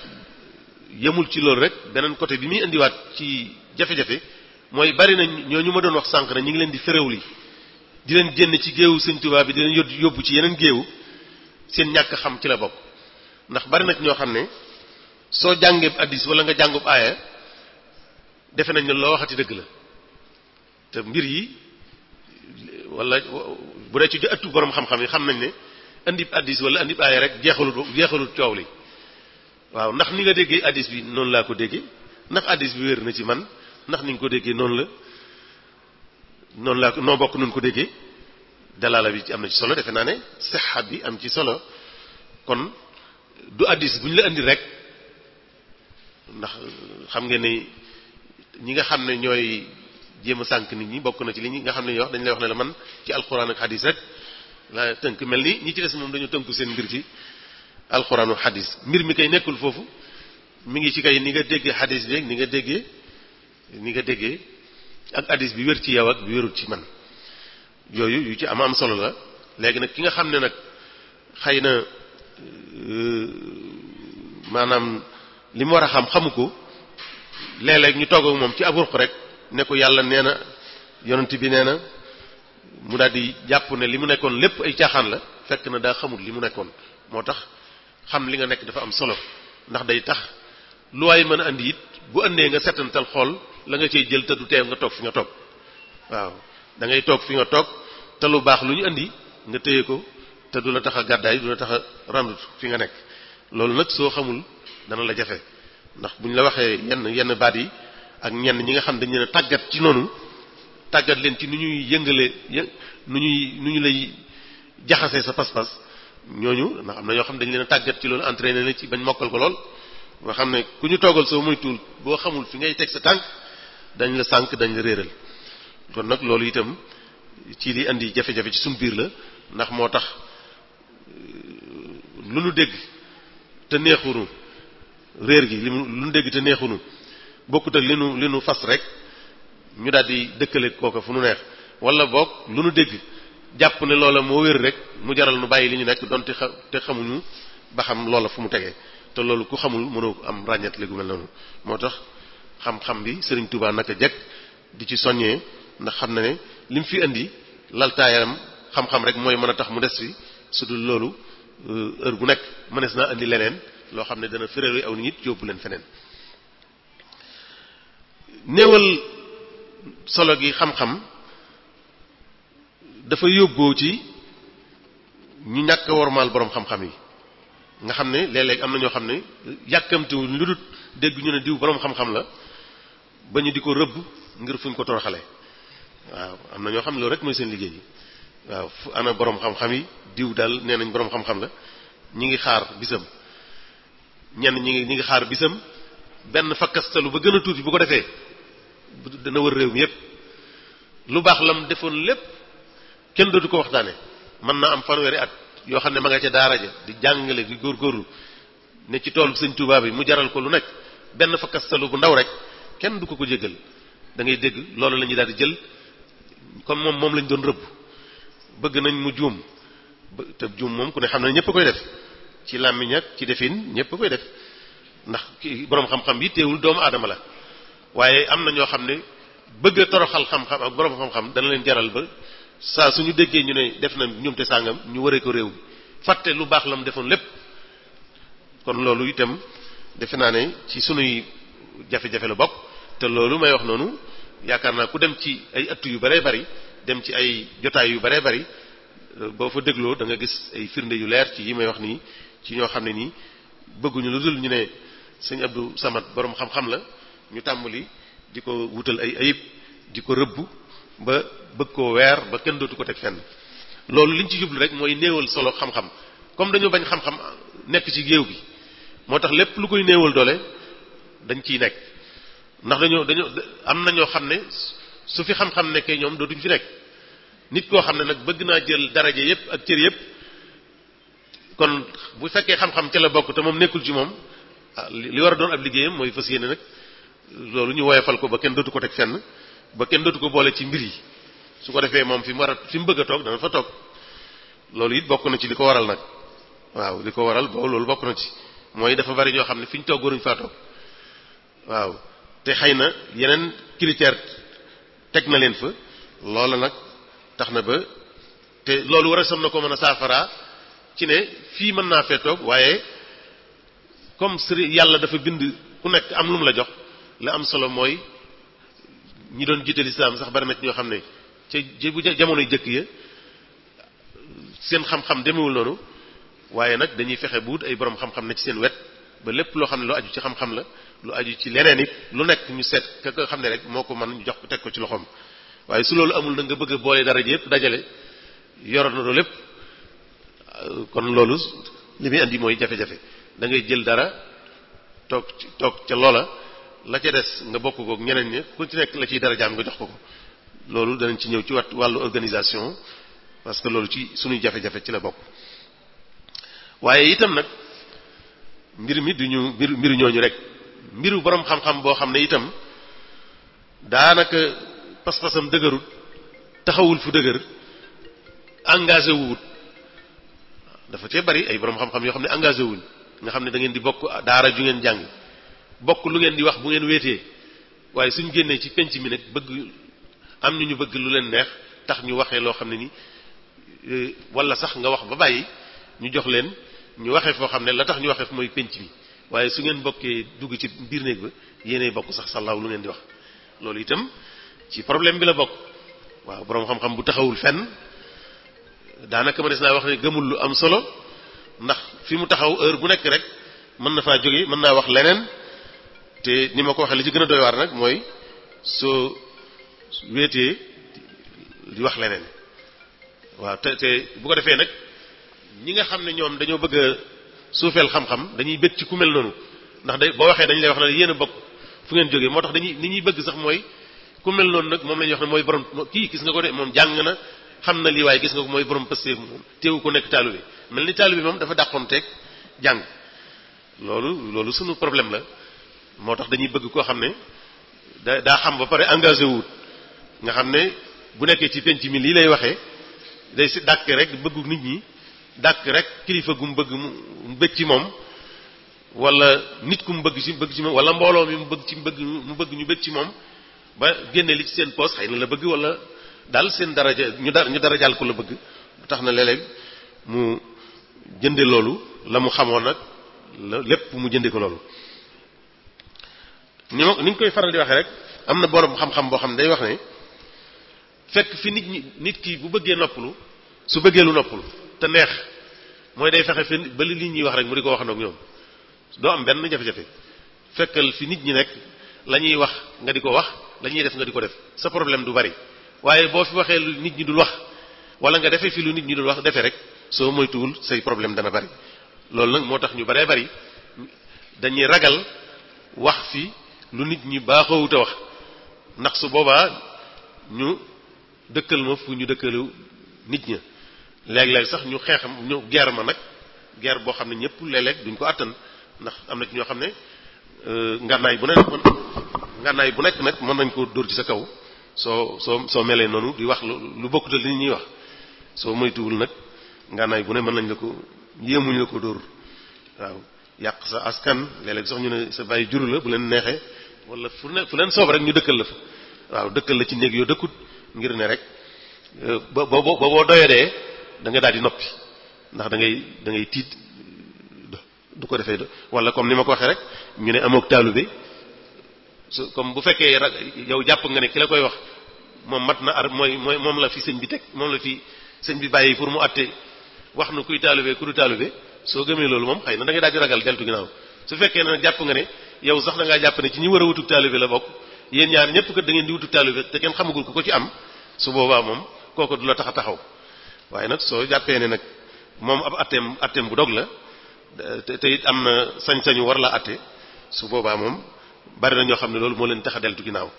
yemul ci loolu rek beneen côté bi muy indiwaat ci jafe-jafe mooy bari ñoo ñu ma doon wax sànq na ñu ngi leen di féréw li di leen génn ci géewu sëñ Tuubaa bi di leen yóbbu ci yeneen géewu seen ñàkk xam ci la bokk ndax bari na ñoo xam ne soo jàngee addis wala nga jàngub aaya defe nañ ne loo waxati dëgg la te mbir yi wala bu dee ci ëttu borom xam-xam yi xam nañ ne indi addis wala andib aaya rek jeexalut jeexalut coow li waaw ndax ni nga déggee addis bi noonu laa ko déggee ndax addis bi wér na ci man ndax ni ko déggee noonu la noonu laa noo bokk nun ko déggee dalaala bi ci am na ci solo defe naa ne sexa bi am ci solo kon du addis bu ñu la indi rek ndax xam nga ni ñi nga xam ne ñooy jéem a sànq nit ñi bokk na ci li ñi nga xam ne ñuy wax dañu lay wax ne la man ci alxuraan ak xadis rek la tënk mel ni ñi ci des moom dañu tënku seen mbir ci alxuraanu xadis mbir mi kay nekkul foofu mi ngi ci kay ni nga déggee xadis bi ni nga déggee ni nga déggee ak xadis bi wér ci yow ak bi wérul ci man yooyu yu ci am am solo la léegi nag ki nga xam ne nag xëy na euh, maanaam li mu war a xam xamu ko léeg-léeg ñu toog moom ci ab ruq rek. ne ko yàlla nee na yonent bi nee na mu daal di jàpp ne li mu nekkoon lépp ay caaxaan la fekk na daa xamul li mu nekkoon moo tax xam li nga nekk dafa am solo ndax day tax lu waay mën a indi it bu andee nga setantal xool la nga cey jël te du teew nga toog fi nga toog waaw dangay toog fi nga toog te lu baax lu ñu andi nga téye ko te du la tax a gàddaay du la tax a randut fi nga nekk loolu nag soo xamul dana la jafe ndax bu ñu la waxee yenn yenn baat yi ak ñenn ñi nga xam dañu leen tàggat ci noonu tàggat leen ci nu ñuy yëngale nu ñuy nu ñu lay jaxasee sa pas-pas ñooñu ndax am na yoo xam dañ leen a tàggat ci loolu entraîné na ci bañ mokkal ko lool nga xam ne ku ñu toogal soo muy tuul boo xamul fi ngay teg sa tànk dañ la sànk dañ la réeral kon nag loolu itam ci li indi jafe-jafe ci suñ biir la ndax moo tax euh, lu nu dégg te neexunu réer gi li lu nu dégg te neexunu bokkut ak li nu li nu fas rek ñu daal di dëkkale kooka fu nu neex wala boog lu nu dégg jàpp ne loola moo wér rek mu jaral nu bàyyi li ñu nekk donte xa te xamuñu ba xam loola fu mu tegee te loolu ku xamul mënoo am ràññat li gu noonu moo tax xam-xam bi Serigne Touba naka jekk di ci soññee ndax xam na ne lim fi indi laltaayam xam-xam rek mooy mën a tax mu des fi su dul loolu euh, heure bu nekk mënees naa indi leneen loo xam ne dana féréeru aw nit yóbbu leen feneen. néewal solo gi xam-xam dafa yóbboo ci ñu ñàkk a wormaal boroom xam-xam yi nga xam ne léeg-léeg am na ñoo xam ne yàkkamtiwuñ lu dul dégg ñu ne diw boroom xam-xam la ba ñu di ko rëbb ngir fu ñu ko toroxale waaw am na ñoo xam ne loolu rek mooy seen liggéey waaw fu ana boroom xam-xam yi diw daal nee nañ boroom xam-xam la ñi ngi xaar bisam ñenn ñi ngi ñi ngi xaar bisam benn fakkastalu ba gën a tuuti bu ko defee dana wër réew mi yépp lu baax lam defoon lépp kenn du ko waxtaane mën na am fanweeri at yoo xam ne ma nga ca daara ja di jàngale di góorgóorlu ne ci toolu sëñ tubaab yi mu jaral ko lu nekk benn fa kastalu bu ndaw rek kenn du ko ko jégal da ngay dégg loolu la ñuy daal di jël comme moom moom lañ doon rëbb bëgg nañ mu juum te juum moom ku ne xam ne ñëpp koy def ci làmmiñ ak ci defin ñëpp koy def ndax borom xam-xam yi teewul doomu aadama la waaye am na ñoo xam ne bëgg a toroxal xam-xam xam-xam dana leen jaral ba saa suñu déggee ñu ne def na ñoom te sàngam ñu waree ko réew mi fàtte lu baax la mu defoon lépp kon loolu itam defe naa ne ci suñuy jafe-jafe la bokk te loolu may wax noonu yaakaar naa ku dem ci ay ëtt yu baree bari dem ci ay jotaay yu baree bari boo fa dégloo da nga gis ay firnde yu leer ci yi may wax nii ci ñoo xam ne nii bëgguñu lu dul ñu ne sëñ Abdou Samad borom xam-xam la ñu tàmbali di ko wutal ay ayib di ko rëbb ba bëgg koo weer ba kenn dootu ko teg fenn loolu liñ ci jublu rek mooy néewal solo xam-xam comme dañu bañ xam nekk ci géew bi moo tax lépp lu koy néewal doole dañ ciy nekk ndax dañoo dañoo na ñoo xam ne su fi xam-xam ñoom dootuñ fi nekk nit koo xam ne nag bëgg naa jël daraja yépp ak cër yépp kon bu fekkee xam-xam ca la bokk te moom nekkul ci moom ah, li war a doon ab liggéeyam mooy fas yéene nag loolu ñu woyofal ko ba kenn dootu ko teg fenn ba kenn dootu ko boole ci mbir yi su ko defee moom fi mu fi mu bëgg a toog dana fa toog loolu it bokk na ci li ko waral nag waaw li ko waral boobu loolu bokk na ci mooy dafa bari ñoo xam ne fi ñu toog waruñu waaw te xëy na yeneen critère teg na leen fa loola nag tax na ba te loolu war a na ko mën a saafara ci ne fii mën naa fee toog waaye comme sëriñ yàlla dafa bind ku nekk am lu mu la jox la am solo mooy ñi doon jiital islaam sax bari ñoo xam ne ca bu jamono jëkk ya seen xam-xam waaye nag dañuy fexe bu ay borom xam ne ci seen wet ba lépp loo xam ne lu aju ci xam la lu aju ci leneen it lu nekk ñu seet xam ne rek moo ko mën ñu jox teg ko ci loxoom waaye su loolu amul na nga bëgg boole dara ji yëpp dajale yoroon lépp kon loolu li muy mooy jafe-jafe da jël dara toog toog ca loola. la ca des nga bokk kook ngeneen ñi ku ci nekk la ciy dara jaam nga jox ko ko loolu danañ ci ñëw ci wat wàllu organisation parce que loolu ci suñuy jafe-jafe ci la bokk waaye itam nag mbir mi duñu mbir mbiru ñooñu rek mbiru borom xam-xam boo xam ne itam daanaka pas-pasam dëgëru taxawul fu dëgër engage wuwut dafa cee bari ay borom xam-xam yoo xam ne engagé wuñ nga xam ne da ngeen di bokk daara ju ngeen jàng bokk lu ngeen di wax bu ngeen wéetee waaye suñ génnee ci penc mi nag bëgg am na ñu bëgg lu leen neex tax ñu waxee loo xam ne ni euh, wala sax nga wax ba bàyyi ñu jox leen ñu waxee foo xam ne la tax ñu waxee mooy penc mi waaye su ngeen bokkee dugg ci biir néeg ba yéenay bokk sax sallaaw lu ngeen di wax loolu itam ci problème bi la bokk waaw boroom xam-xam bu taxawul fenn daanaka ma des naa wax ne gëmul lu am solo ndax fi mu taxaw heure bu nekk rek mën na faa jóge mën naa wax leneen te ni ma ko waxee li ci gën a doy waar nag mooy soo wéetee di wax leneen waaw te te bu ko defee nag ñi nga xam ne ñoom dañoo bëgg a suufeel xam-xam dañuy bëgg ci ku mel noonu ndax day boo waxee dañu lay wax ne yéen bokk fu ngeen jógee moo tax dañuy ni ñuy bëgg sax mooy ku mel noonu moom la wax ne mooy borom gis nga ko de moom jàng na xam na lii waaye gis nga ko mooy borom pësteef moom teewu ko nekk taalu bi mel ni taalu bi moom dafa dàqoon teeg jàng loolu loolu sunu problème la moo tax dañuy bëgg koo xam ne da daa xam ba pare engagé wut nga xam ne bu nekkee ci penc mi lii lay waxee day si dàkk rek bëggu nit ñi dàkk rek kilifa gu mu bëgg mu bëgg ci moom walla nit ku mu bëgg ci bëgg ci moom wala mbooloo mi mu bëgg ci mu mu bëgg ñu bëgg ci moom ba génne li ci seen poos xëy na la bëgg wala daal seen daraja ñu dara ñu darajaal ko la bëgg tax na léeg mu jënde loolu la mu xamoon nag lépp mu jënde ko loolu ni ma ni ñu koy faral di waxee rek am na borom xam-xam boo xam ne day wax ne fekk fi nit ñi nit ki bu bëggee noppalu su bëggee lu noppalu te neex mooy day fexe fi ba li nit ñi wax rek mu di ko wax nag ñoom doo am benn jafe-jafe fekkal fi nit ñi nekk la ñuy wax nga di ko wax la def nga di ko def sa problème du bari waaye boo fi waxee lu nit ñi dul wax wala nga defee fii lu nit ñi dul wax defee rek soo moytuwul say problème dana bari loolu nag moo tax ñu baree bari dañuy ragal wax fi lu nit ñi baaxoowut a wax ndax su boobaa ñu dëkkal ma fu ñu dëkkalu nit ña léeg-léeg sax ñu xeexam ñu guerre ma nag guerre boo xam ne ñëpp léeg-léeg duñ ko àttan ndax am na ci ñoo xam ne euh, ngànnaay bu nekk mën bu nekk nag mën nañ ko dóor ci sa kaw soo soo soo melee noonu di wax lu bokkut li ñuy wax soo moytuwul nag ngànnaay bu ne mën nañ la ko yéemuñ la ko dóor waaw yàq sa askan léeg-léeg sax ñu ne sa bàyyi juru la bu leen neexee wala fu ne fu leen soob rek ñu dëkkal la fa waaw dëkkal la ci néeg yoo dëkkut ngir ne rek euh, ba ba boo doyadee da nga daal di noppi ndax da ngay da tiit du ko defee wala comme ni ma ko waxee rek ñu ne amook taalube su comme bu fekkee yow jàpp nga ne ki la koy wax moom mat na ar mooy mooy moom la fi sëñ bi teg moom la fi sëñ bi bàyyi pour mu àtte wax nu kuy taalube ku du taalube soo gëmee loolu moom xëy na da ngay daal ragal deltu ginnaaw su fekkee na jàpp nga ne yow sax da ngaa jàpp ne ci ñi war a wutug taalibe la bokk yéen ñaar ñëpp kat da ngeen di wutug taalibe te kenn xamagul ku ko ci am su boobaa moom kooku du la tax a taxaw waaye nag soo jàppee ne nag moom ab atteem atteem bu dog la te it am na sañ-sañu war la atte su boobaa moom bari na ñoo xam ne loolu moo leen tax a deltu ginnaaw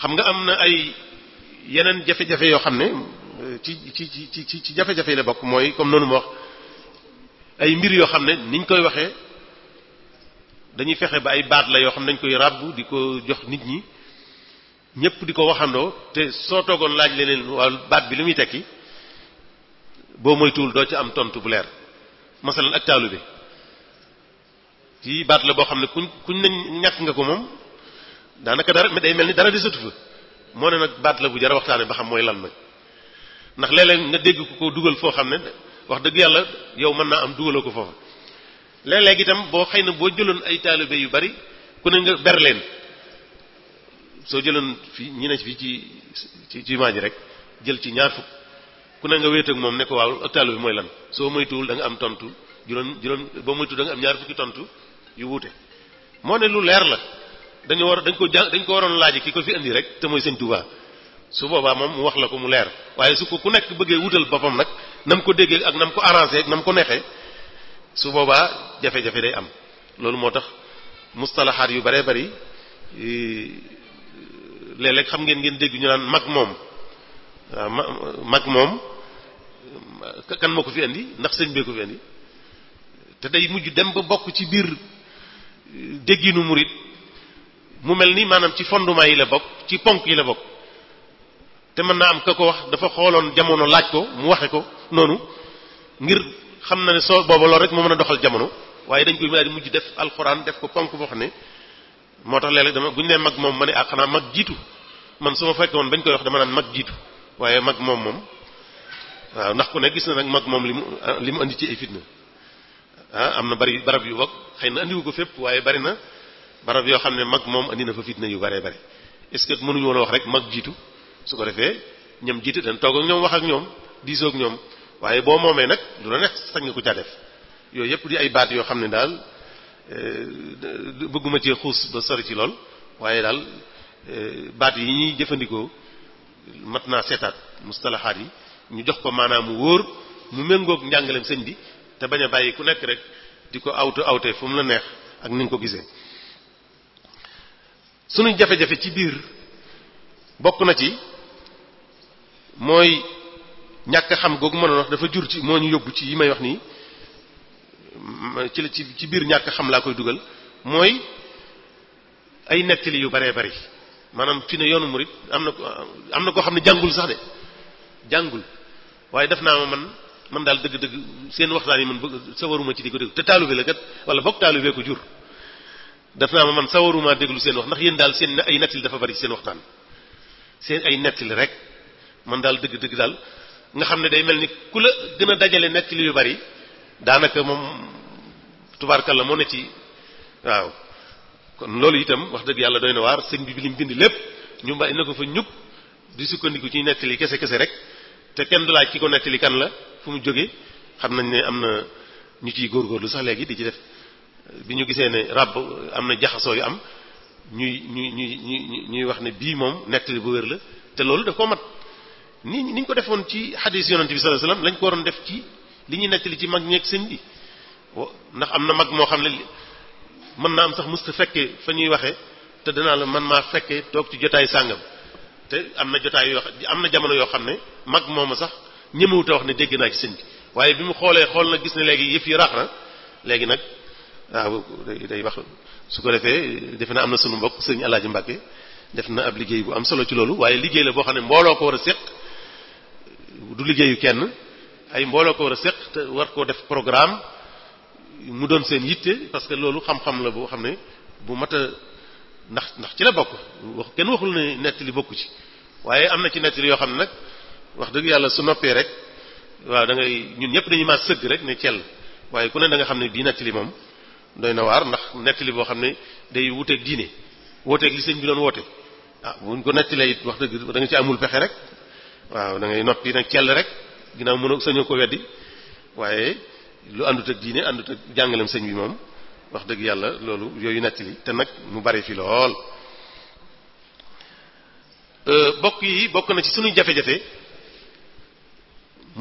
xam nga am na ay yeneen jafe-jafe yoo xam ne ci ci ci ci ci jafe-jafe la bokk mooy comme noonu ma wax ay mbir yoo xam ne niñ koy waxee dañuy fexe ba ay baat la yoo xam dañ koy ràbb di ko jox nit ñi ñëpp di ko waxandoo te soo toogoon laaj leneen waaw baat bi li muy tekki boo moytuwul doo ci am tontu bu leer masalan ak taalu bi ci baat la boo xam ne kuñ kuñ nañ ñàkk nga ko moom daanaka dara day mel ni dara desatu fa moo ne nag baat la bu jar waxtaane ba xam mooy lan nag ndax léeg nga dégg ko ko dugal foo xam ne wax dëgg yàlla yow mën naa am dugaloo ko foofa léeg-léeg itam boo xëy na boo jëloon ay taalibe yu bari ku ne nga ber leen soo jëloon fii ñi ne fii ci ci ci ji rek jël ci ñaar fukk ku ne nga wéet moom ne ko waaw ak taalibe mooy lan soo moytuwul danga am tontu juróom juróom boo moytuwul da nga am ñaar fukki tontu yu wuute. moo ne lu leer la dañu war dañ ko jàng dañ ko waroon laaj ki ko fi indi rek te mooy Sëñ Tuubaa su boobaa moom mu wax la ko mu leer waaye su ko ku nekk bëggee wutal boppam nag nam ko déggee ak nam ko arrangé ak nam ko neexee. su boobaa jafe-jafe day am loolu moo tax mustalaxaat yu baree bari léeg-léeg xam ngeen ngeen dégg ñu naan mag moom waaw mag moom kan moo ko fi indi ndax sëñ bee ko fi indi te day mujj dem ba bokk ci biir dégginu murit mu mel ni maanaam ci fondement yi la bokk ci ponk yi la bokk te mën naa am ka ko wax dafa xooloon jamono laaj ko mu waxe ko noonu ngir xam na ne soo booba loolu rek moo mën a doxal jamono waaye dañ koy daal di mujj def alxuraan def ko ponk boo xam ne moo tax léeg-léeg dama bu mag moom ma ne ah xanaa mag jiitu man su ma fekk woon bañ koy wax dama naan mag jiitu waaye mag moom moom waaw ndax ku ne gis na nag mag moom li mu li mu andi ci ay fitna ah am na bari barab yu bokk xëy na indiwu ko fépp waaye bari na barab yoo xam ne mag moom indi na fa fitna yu baree bari est-ce que mënuñu a wax rek mag jiitu su ko defee ñoom jiitu dañ toog ak ñoom wax ak ñoom diisoo ak ñoom. waaye boo moomee nag lu la nekk sañ nga ko caa def yooyu yëpp di ay baat yoo xam ne daal eh, bëgguma ci xuus ba sori ci lool waaye daal eh, baat yi ñuy jëfandikoo mat naa seetaat mustalaxaat yi ñu jox ko maanaam mu wóor mu méngoog njàngaleem sëñ bi te bañ a bàyyi ku nekk rek di ko awte awte fu mu la neex ak ni ko gisee sunuy jafe-jafe ci biir bokk na ci mooy ñàkk xam googu a wax dafa jur ci moo ñu yóbbu ci yi may wax nii ci la ci biir ñàkk xam laa koy dugal mooy ay nettali yu baree bari maanaam fi ne yoonu murit am na am na koo xam ne jàngul sax de jàngul waaye def naa ma man man daal dëgg-dëgg seen waxtaan yi man bëgg sawaruma ci di ko déglu te la kat wala boog taalube ko jur def naa ma man sawaruma déglu seen wax ndax yéen daal seen ay nettali dafa bari seen waxtaan seen ay nettali rek man daal dëgg-dëgg daal nga xam ne day mel ni ku la gën a dajale nekk yu bari daanaka moom tubaarkal la moom ne ci waaw kon loolu itam wax dëgg yàlla doy na waar sëñ bi bi mu bind lépp ñu bàyyi na ko fa ñub di sukkandiku ci nettali kese kese rek te kenn du laaj ki ko nettali kan la fu mu jóge xam nañ ne am na ñu ciy lu sax léegi di ci def bi ñu gisee ne ràbb am na jaxasoo yu am ñuy ñuy ñuy ñuy wax ne bii moom nettali bu wér la te loolu daf ko ni ni ñu ko defoon ci xadis yonante bi sallallahu alayhi wasallam lañ ko waroon def ci li ñuy nettali ci mag ñeeg sëñ bi ndax am na mag moo xam ne mën naa am sax musta fekkee fa ñuy waxee te danaa la man maa fekkee toog ci jotaay sàngam te am na jotaay yoo am na jamono yoo xam ne mag mooma sax ñemewuta wax ne dégg naa ci sëñ bi waaye bi mu xoolee xool na gis ne léegi yëf yi raax na léegi nag waaw day wax su ko defee defe na am na sunu mbokk sëñ Alaaji Mbàkke def na ab liggéey bu am solo ci loolu waaye liggéey la boo xam ne mbooloo ko war a séq du liggéeyu kenn ay mbooloo ko war a séq te war koo def programme mu doon seen yitte parce que loolu xam-xam la boo xam ne bu mat ndax ndax ci la bokk wax kenn waxul ne nett li bokku ci waaye am na ci nett li yoo xam ne nag wax dëgg yàlla su noppee rek waaw da ngay ñun ñëpp dañuy maa sëgg rek ne cell waaye ku ne da nga xam ne bii nett li moom doy na waar ndax nett li boo xam ne day wuteeg diine wooteeg li sëñ bi doon woote ah buñ ko nettalee it wax dëgg da ci amul pexe rek waaw da ngay noppi nag cell rek ginnaaw mën a sañoo ko weddi waaye lu àndut ak diine àndut ak jàngalem sëñ bi moom wax dëgg yàlla loolu yooyu nettali te nag mu bari fii lool euh, bokk yi bokk na ci suñu jafe-jafe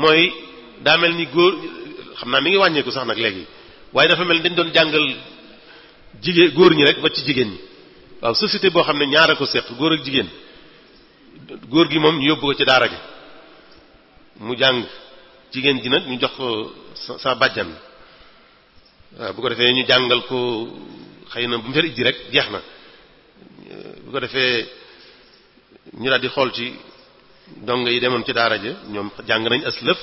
mooy daa mel ni góor xam naa mi ngi wàññeeku sax nag léegi waaye dafa mel ni dañ doon jàngal jigéen góor ñi rek ba ci jigéen ñi waaw société boo xam ne ñaar a ko góor ak jigéen góor gi moom ñu yóbbu ko ci daara ji mu jàng jigéen ji nag ñu jox ko sa sa bàjjan waaw bu ko defee ñu jàngal ko xëy na bu mu fer ijji rek jeex na bu ko defee ñu daal di xool ci dong yi demoon ci daara ja ñoom jàng nañ as lëf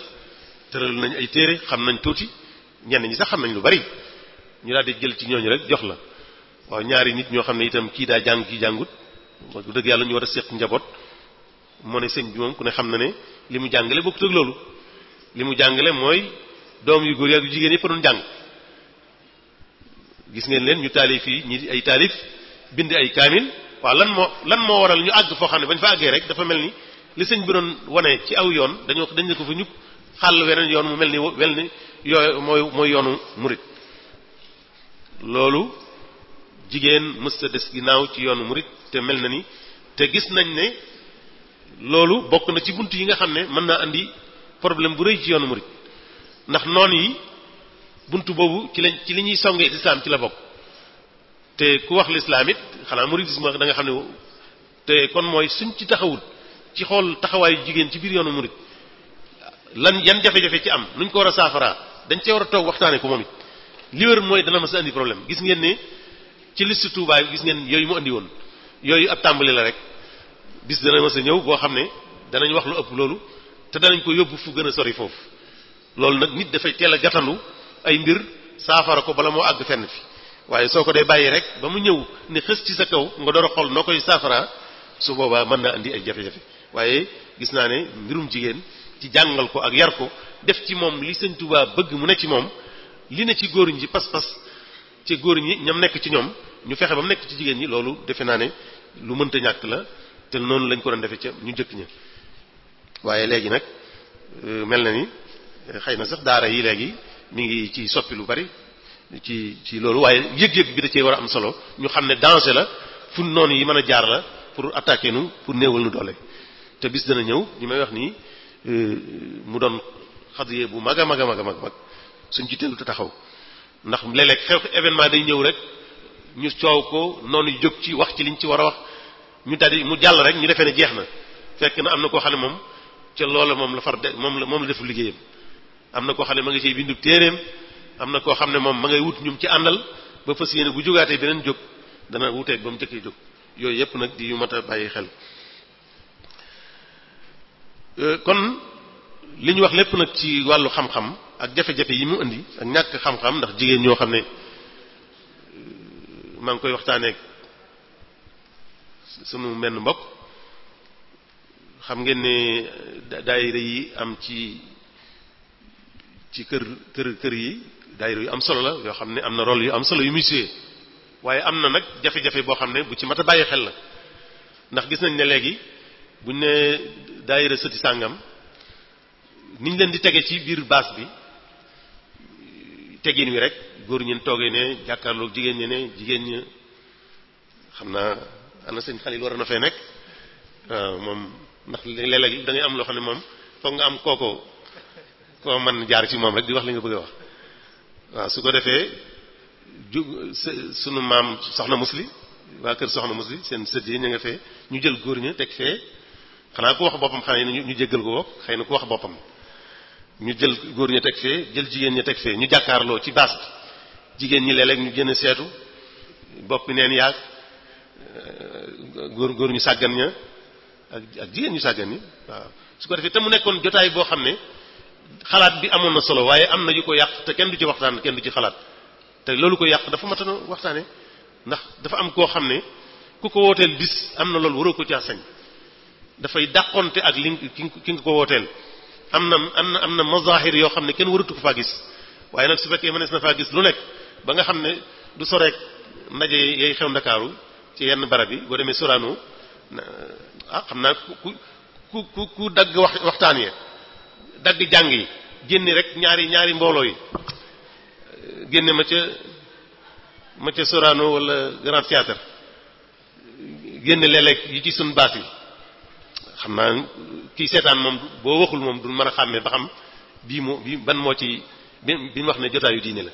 tëral nañ ay téere xam nañ tuuti ñenn ñi sax xam nañ lu bari ñu daal di jël ci ñooñu rek jox la waaw ñaari nit ñoo xam ne itam kii daa jàng kii jàngut bu dëgg yàlla ñu war a séq njaboot moo ne sëñ bi moom ku ne xam na ne li mu jàngale bokkut loolu li mu jàngale mooy doom yu góor yi ak yu jigéen yi fa doon jàng gis ngeen leen ñu taalif yi ñi ay taalif bind ay kaamil waaw lan moo lan moo waral ñu àgg foo xam ne bañ fa àggee rek dafa mel ni li sëñ bi doon wane ci aw yoon dañoo dañ ne ko fa ñupp xàll weneen yoon mu mel ni wel ni yooyu mooy yoonu murit loolu jigéen mësta des ginnaaw ci yoonu murit te mel na ni te gis nañ ne loolu bokk na ci bunt yi nga xam ne mën naa indi problème bu rëy ci yoonu murid ndax noon yi bunt boobu ci lañ ci li ñuy songee lislaam ci la bokk te ku wax lislaam it xanaa muridisme da nga xam ne te kon mooy suñ ci taxawut ci xool taxawaayu jigéen ci biir yoonu murid lan yan jafe-jafe ci am nuñ ko war a saafaraa dañ cee war a toog waxtaanee ko moom it li wér mooy dana ma sa andi problème gis ngeen ne ci liste Touba gis ngeen yooyu mu indi woon yooyu ab tàmbali la rek bis dana mas a ñëw boo xam ne danañ wax lu ëpp loolu te danañ ko yóbbu fu gën a sori foofu loolu nag nit dafay teel a gàttandu ay mbir saafara ko bala moo àgg fenn fi waaye soo ko dee bàyyi rek ba mu ñëw ni xës ci sa kaw nga door a xool noo koy saafara su boobaa mën naa andi ay jafe-jafe waaye gis naa ne mbirum jigéen ci jàngal ko ak yar ko def ci moom li sëñ Tuubaa bëgg mu ne ci moom li ne ci góor ñi pas-pas ci góor ñi ñam nekk ci ñoom ñu fexe ba mu nekk ci jigéen ñi loolu defe naa ne lu mënta ñàkk la te noonu lañ ko doon defee ca ñu jëkk ña waaye léegi nag euh, mel na ni euh, xëy na sax daara yi léegi mi ngi ci soppi lu bari ci ci loolu waaye yëg-yëg bi da cee war a am solo ñu xam ne danger la fu noonu yi mën a jaar la pour attaquer nu pour néewal nu doole te bis dana ñëw ñi may wax nii euh, mu doon xadiyee bu mag a mag a mag a mag suñ ci teelu te taxaw ndax léeg-léeg xew événement day ñëw rek ñu coow ko noonu jóg ci wax ci liñ ci war a wax ñu daldi mu jàll rek ñu defee ne jeex na fekk na am na koo xam ne moom ca loola moom la far de moom la moom la defu liggéeyam am na koo xam ne ma nga ciy bindu téeréem am na koo xam ne moom ma ngay wut ñum ci àndal ba fas yéene bu jógaatee beneen jóg dana wuteeg ba mu njëkkee jóg yooyu yépp nag di yu mat xel euh, kon li ñu wax lépp nag ci wàllu xam ak jafe yi mu indi ak ñàkk xam ndax jigéen ñoo xam ne euh, maa ngi koy waxtaaneeg sunu menn mbokk xam ngeen ne daayira yi am ci ci kër kër kër yi daayira yu am solo la yoo xam ne am na rôle yu am solo yu muy waaye am na nag jafe-jafe boo xam ne bu ci mat a bàyyi xel la ndax gis nañ ne léegi buñ ne daayira sati sàngam niñ leen di tege ci biir baas bi tegin wi rek góor ñeen toogee ne jàkkaarloog jigéen ñi ne jigéen ñi xam naa ana sëñ Xalil war na fee nekk waaw moom ndax léeg-léeg da ngay am loo xam ne moom foog nga am kooko koo man jaar ci moom rek di wax li nga bëgg wax waaw su ko defee ju sunu maam soxna musli waa kër soxna musli seen sët yi ñu nga fee ñu jël góor ñu teg fee xanaa ku wax boppam xanaa ñu jéggal ko xëy na ku wax boppam ñu jël góor ñu teg fee jël jigéen ñu teg fee ñu jàkkaarloo ci baas jigéen ñi léeg-léeg ñu gën a seetu boppi neen yaag góor góor ñu sàggan ña ak ak jigéen ñu sàggan yi waaw su ko defee te mu nekkoon jotaay boo xam ne xalaat bi amoon na solo waaye am na yu ko yàq te kenn du ci waxtaan kenn du ci xalaat te loolu ko yàq dafa matano waxtaane ndax dafa am koo xam ne ku ko wooteel bis am na loolu waroo ko caa sañ dafay dàqonte ak li ki nga ko wooteel am na am na am na mazahir yoo xam ne kenn waratu ko faa gis waaye nag su fekkee mënees na faa gis lu nekk ba nga xam ne du soreek ndaje yay xew ndakaaru ci yenn barab yi boo demee Sorano ah xam naa ku ku ku ku dagg wax waxtaan yi dagg jàng yi génne rek ñaari ñaari mbooloo yi génne ma ca ma ca Sorano wala Grand Théâtre génne léeg-léeg yi ci suñ baas yi xam naa kii seetaan moom boo waxul moom du mën a xàmmee ba xam bii moo bii ban moo ci bi bi ñu wax ne jotaayu diine la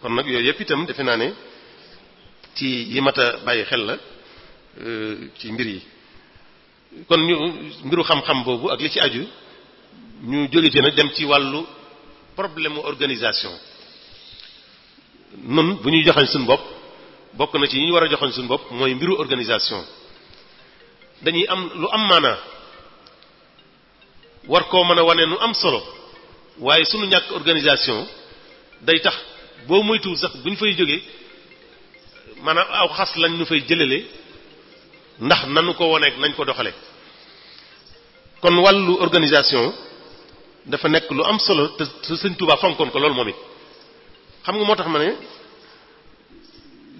kon nag yooyu yëpp itam defe naa ne. ci yi mat bàyyi xel la euh, ci mbir yi kon ñu mbiru xam-xam boobu ak li ci aju ñu jóge ci nag dem ci wàllu problème organisation nun bu ñuy joxañ suñu bopp bokk na ci yi ñu war a joxañ suñu bopp mooy mbiru organisation dañuy am lu am maanaa war koo mën a wane nu am solo waaye sunu ñàkk organisation day tax boo moytuwul sax bu ñu fay jógee maanaam aw xas lañ nu fay jëlale ndax nanu ko woneek nañ ko doxale kon wàllu organisation dafa nekk lu am solo te sëñ Tuubaa fonkoon ko loolu moom it xam nga moo tax ma ne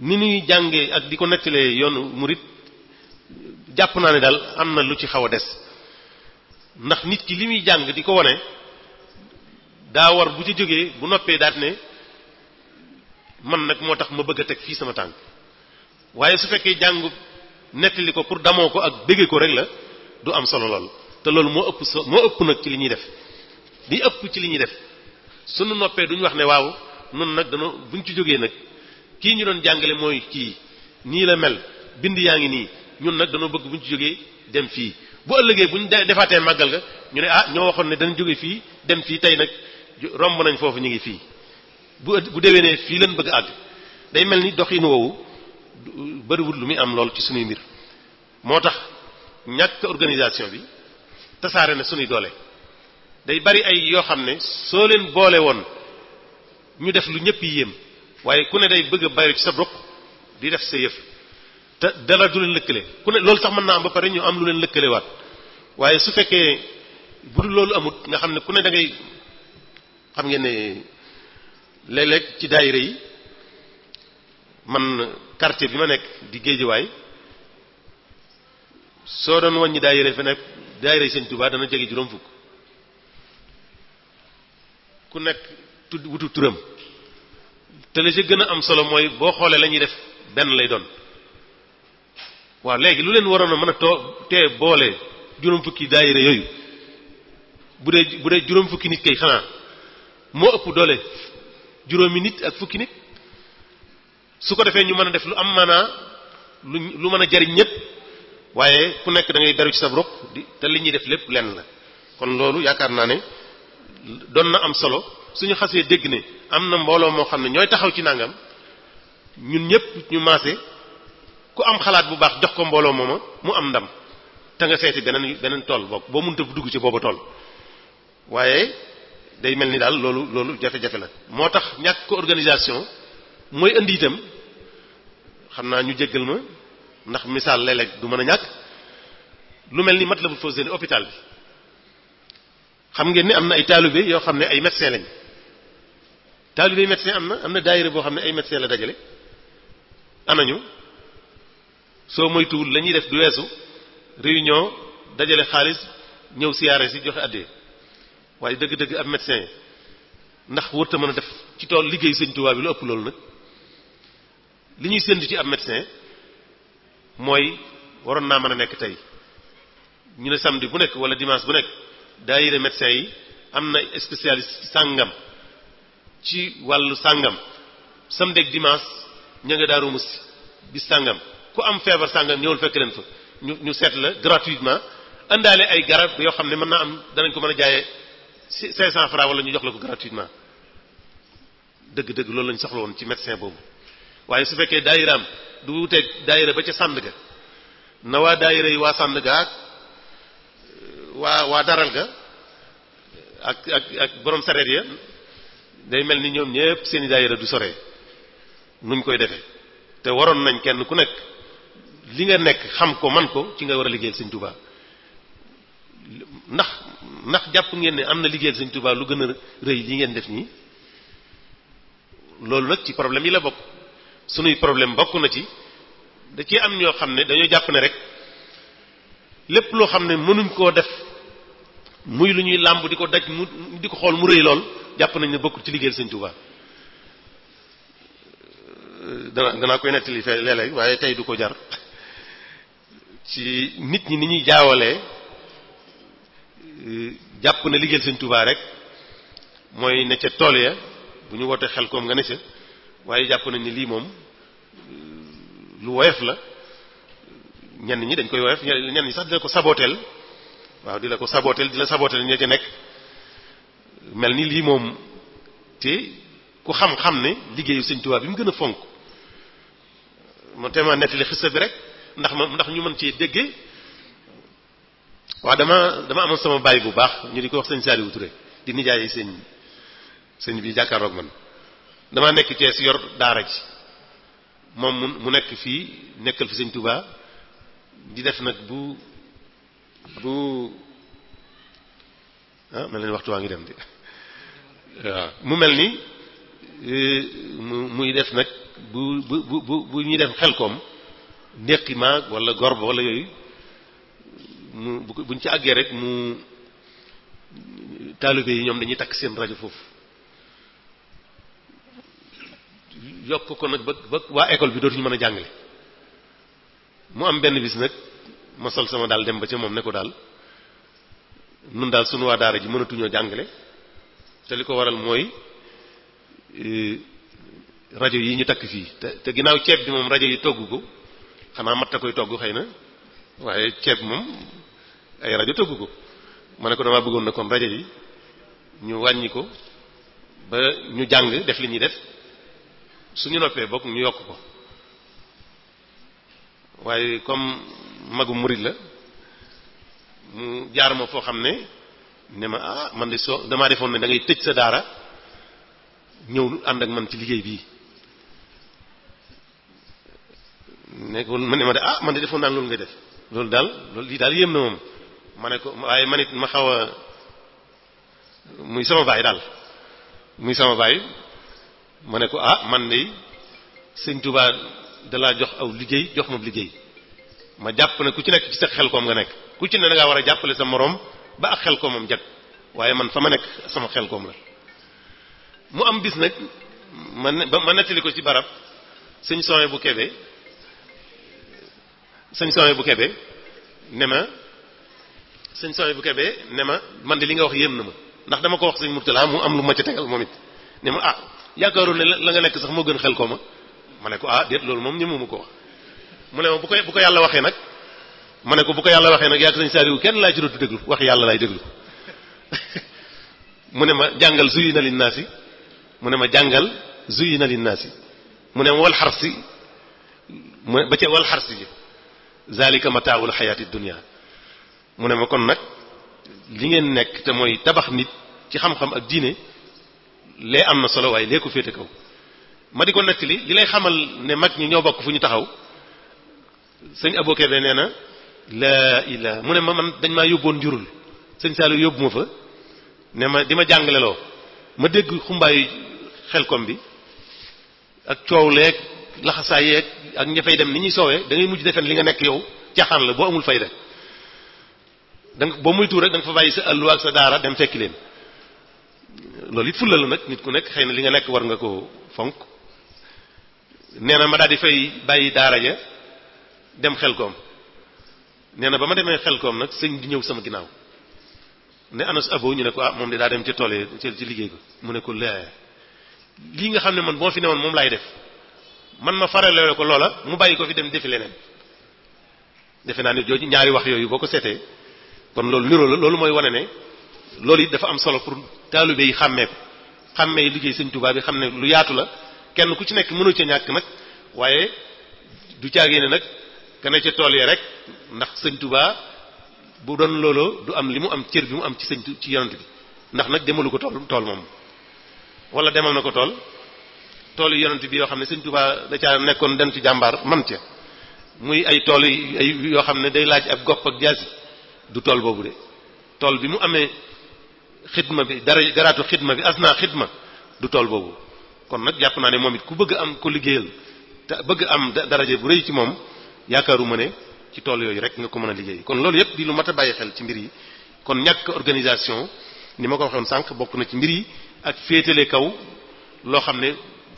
ni ñuy jàngee ak di ko nettalee yoonu murit jàpp naa ne daal am na lu ci xaw a des ndax nit ki li muy jàng di ko wone daawar bu ci jógee bu noppee daat ne man nag moo tax ma bëgg a teg fii sama tànk waaye su fekkee jàngu nettali ko pour damoo ko ak bëgge ko rek la du am solo lool te loolu moo ëpp so moo ëpp nag ci li ñuy def di ëpp ci li ñuy def sunu noppee duñu wax ne waaw noonu nag dana buñ ci jógee nag kii ñu doon jàngale mooy kii nii la mel bind yaa ngi nii ñun nag danoo bëgg buñ ci jógee dem fii bu ëllëgee buñ defaatee màggal ga ñu ne ah ñoo waxoon ne dañu jóge fii dem fii tey nag romb nañ foofu ñu ngi fii bu bu ne fii leen bëgg àgg day mel ni doxin woowu bëriwul lu muy am lool ci sunuy mbir moo tax ñàkk organisation bi tasaare na sunuy doole day bari ay yoo xam ne soo leen boole woon ñu def lu ñëpp yéem waaye ku ne day bëgg bari ci sa bopp di def sa yëf te dara du leen lëkkale ku ne loolu sax mën naa am ba pare ñu am lu leen lëkkale waat waaye su fekkee bu dul loolu amut nga xam ne ku ne dangay xam ngeen ne léeg ci daayira yi man quartier bi ma nekk di géejuwaay soo doon wàññi daayira fa nekk daayira Sëñ Tuubaa dana jege juróom fukk ku nekk tudd wutu turam te la si gën a am solo mooy boo xoolee la ñuy def benn lay doon waaw léegi lu leen waroon a mën a too te boole juróom fukki daayira yooyu bu dee bu dee juróom fukki nit kay xanaa moo ëpp doole juróomi nit ak fukki nit su ko defee ñu mën a def lu am maanaa lu lu mën a jariñ ñëpp waaye ku nekk dangay ngay ci sa ruq te li ñuy def lépp lenn la kon loolu yaakaar naa ne doon na am solo suñu xasee dégg ne am na mbooloo moo xam ne ñooy taxaw ci nangam ñun ñëpp ñu maase ku am xalaat bu baax jox ko mbooloo mooma mu am ndam te nga seeti beneen beneen tool bokk boo bu dugg ci booba tool waaye day mel ni daal loolu loolu jafe-jafe la moo tax ñàkk ko organisation mooy indi itam xam naa ñu jéggal ma ndax misaal léeg-léeg du mën a ñàkk lu mel ni mat la bu fausse ni hôpital bi xam ngeen ni am na ay taalibe yoo xam ne ay médecin lañ taalibe yi am na am na daayira boo xam ne ay médecin la dajale nañu soo moytuwul lañuy def du weesu réunion dajale xaalis ñëw siyaare si joxe àddee waaye dëgg-dëgg ab médecin ndax wërta mën a def ci tool liggéey sëñ Tuubaa bi lu ëpp loolu nag li ñuy séntu ci ab médecin mooy waroon naa mën a nekk tey ñu ne samdi bu nekk wala dimanche bu nekk daayira médecin yi am na spécialiste sàngam ci wàllu sàngam samedi ak dimanche ña nga daaru mus bis sàngam ku am feebar sàngam ñëwul fekk leen fa ñu ñu seet la gratuitement andaale ay garab yoo xam ne mën naa am danañ ko mën a jaaye si cinq cent francs wala ñu jox la ko gratuitement dëgg-dëgg loolu lañ soxla woon ci médecin boobu waaye su fekkee daayiraam du wuteeg daayira ba ca sànd ga na waa daayira yi waa sànd ga ak euh, waa waa daral ga ak ak boroom sareet ya day mel ni ñoom ñépp seeni daayira du sore nuñ koy defee te waroon nañ kenn ku nekk li nga nekk xam ko man ko ci nga war a liggéeyal Sëñ Tuubaa ndax ndax jàpp ngeen ne am na liggéeyal Sëñ tubaa lu gën a rëy li ngeen def nii loolu nag ci problème yi la bokk sunuy problème bokk na ci da ci am ñoo xam ne dañoo jàpp ne rek lépp loo xam ne mënuñ koo def muy lu ñuy làmb di ko daj mu di ko xool mu rëy lool jàpp nañ ne bokkul ci liggéeyal Sëñ Tuubaa euh, dana danaa koy nettali fee léeg waaye tey du ko jar ci nit ñi ni ñuy jaawalee euh, jàpp na liggéeyal Sëñ Tuubaa rek mooy ne ca tool ya bu ñu wootee xel koom nga ne ca waaye jàpp nañ ni lii moom lu woyof la ñenn ñi dañ koy woyof ñenn ñi sax dina ko sabooteel waaw di la ko sabooteel di la saboteel ña ci nekk mel ni lii moom te ku xam-xam ne liggéeyu sëñ Tuubaa bi mu gën a fonk mu tema nettali xista bi rek ndax ma ndax ñu mën ci déggee waa dama dama amoon sama bàyyi bu baax ñu di ko wax sëñ Saliou Touré di nijaay seen sëñ bi jàkkaaroog man dama nekk Cees yor daara ji moom mu nekk fii nekkal fi sëñ tubaa di def nag bu bu ah mel ni waxtu waa ngi mu mel ni e, muy def nag bu bu bu bu ñuy def xel koom nekki maag wala gorbo wala yooyu mu buñ ci àggee rek mu taalibe yi ñoom dañuy takk seen rajo foofu yokk ko nag ba ba waa école bi dootuñu mën a jàngale mu am benn bis nag ma sama daal dem ba ca moom ne ko daal nun daal suñu waa daara ji mënatuñoo jàngale te li ko waral mooy e, rajo yi ñu takk fii te te ginnaaw ceeb bi moom rajo yi togg ko xanaa matta koy togg xëy na waaye ceeb moom ay rajo togg ko ma ne ko damaa bëggoon na kon rajo yi ñu wàññi ko ba ñu jàng def li ñuy def suñu loppee bokk ñu yokk ko waaye comme magu murit la mu jaar ma foo xam ne ne ma ah man de soo damaa defoon ne dangay tëj sa daara ñëw ànd ak man ci liggéey bii nekkul ma ne ma de ah man de defoon naa loolu ngay def loolu daal loolu lii daal yéem na moom ma ne ko waaye man it ma xaw a muy sama baay daal muy sama baay mu ne ko ah man de sëñ Tuubaa dalaa jox aw liggéey jox ma liggéey ma jàpp ne ku ci nekk ci sa xel koom nga nekk ku ci ne da ngaa war a jàppale sa moroom ba ak xel koomam jag waaye man fa ma nekk sama xel koom la mu am bis nag man ba ma nettali ko ci barab sëñ Sowe bu Kebe sëñ Sowe bu Kebe ne ma sëñ bu Kebe ne ma man de li nga wax yéem na ma ndax dama ko wax sëñ Murtala mu am lu ma ca tegal moom it ne ma ah yaakaaroon ne la nga nekk sax moo gën xel ko ma ma ne ko ah déet loolu moom ñemuma ko wax mu ne ma bu ko bu ko yàlla waxee nag ma ne ko bu ko yàlla waxee nag yaak sañ saariwu kenn laa ci dootu déglu wax yàlla laay déglu <laughs> mu ne ma jàngal zuyina linnaasi mu ne ma jàngal zuyina mu ne ma wal xarsi mu ne ba ca wal xarsi ji zalika xayaat xayaati dunia mu ne ma kon nag li ngeen nekk te mooy tabax nit ci xam-xam ak diine lee am na solo waaye lee ko féete kaw ma di ko nettali li lay xamal ne mag ñi ñoo bokk fu ñu taxaw sëñ aboké de nee na laa ilaa mu ne ma man dañ maa yóbboon njurul sëñ Saliou yóbbu ma fa ne ma di ma jàngaleeloo ma dégg xumbaayu xelkom bi ak coow leeg laxasaay yeeg ak ña fay dem ni ñuy soowee da ngay mujj defen li nga nekk yow caaxaan la boo amul fayda danga boo muy tuur rek da fa bàyyi sa alluwa ak sa daara dem fekki leen loolu it fulla la nag nit ku nekk xëy na li nga lekk war nga ko fonk nee na ma daal di fay bàyyi daara ja dem xel koom nee na ba ma demee xel koom nag sëñ bi ñëw sama ginnaaw ne anas abo ñu ne ko ah moom de daa dem ca tool yi ci liggéey ko mu ne ko lee lii nga xam ne man boo fi newoon moom laay def man ma farale ko loola mu bàyyi ko fi dem defi leneen defe naa ne jooju ñaari wax yooyu boo ko seetee kon loolu niroo la loolu mooy wane ne loolu it dafa am solo pour taalibe yi xàmmee ko xàmmee liggéey sëñ Tuubaa bi xam ne lu yaatu la kenn ku ci nekk mënul ca ñàkk nag waaye du caagee ne nag kana ca tool ya rek ndax sëñ Tuubaa bu doon looloo du am li mu am cër bi mu am ci sëñ ci yonent bi ndax nag demalu ko tool tool moom wala demal na ko tool toolu yonent bi yoo xam ne sëñ Tuubaa da caa nekkoon dem ci jàmbaar man ca muy ay tool ay yoo xam ne day laaj ak gopp ak jaasi du tool boobu de tool bi mu amee xidma bi dara garaatu xidma bi asna xidma du tool boobu kon nag jàpp naa ne moom it ku bëgg am ko liggéeyal te bëgg am daraje bu rëy ci moom yaakaaruma ne ci tool yooyu rek nga ko mën a liggéey kon loolu yëpp di lu mat a bàyyi xel ci mbir yi kon ñàkk organisation ni ma ko waxoon sànq bokk na ci mbir yi ak féetale kaw loo xam ne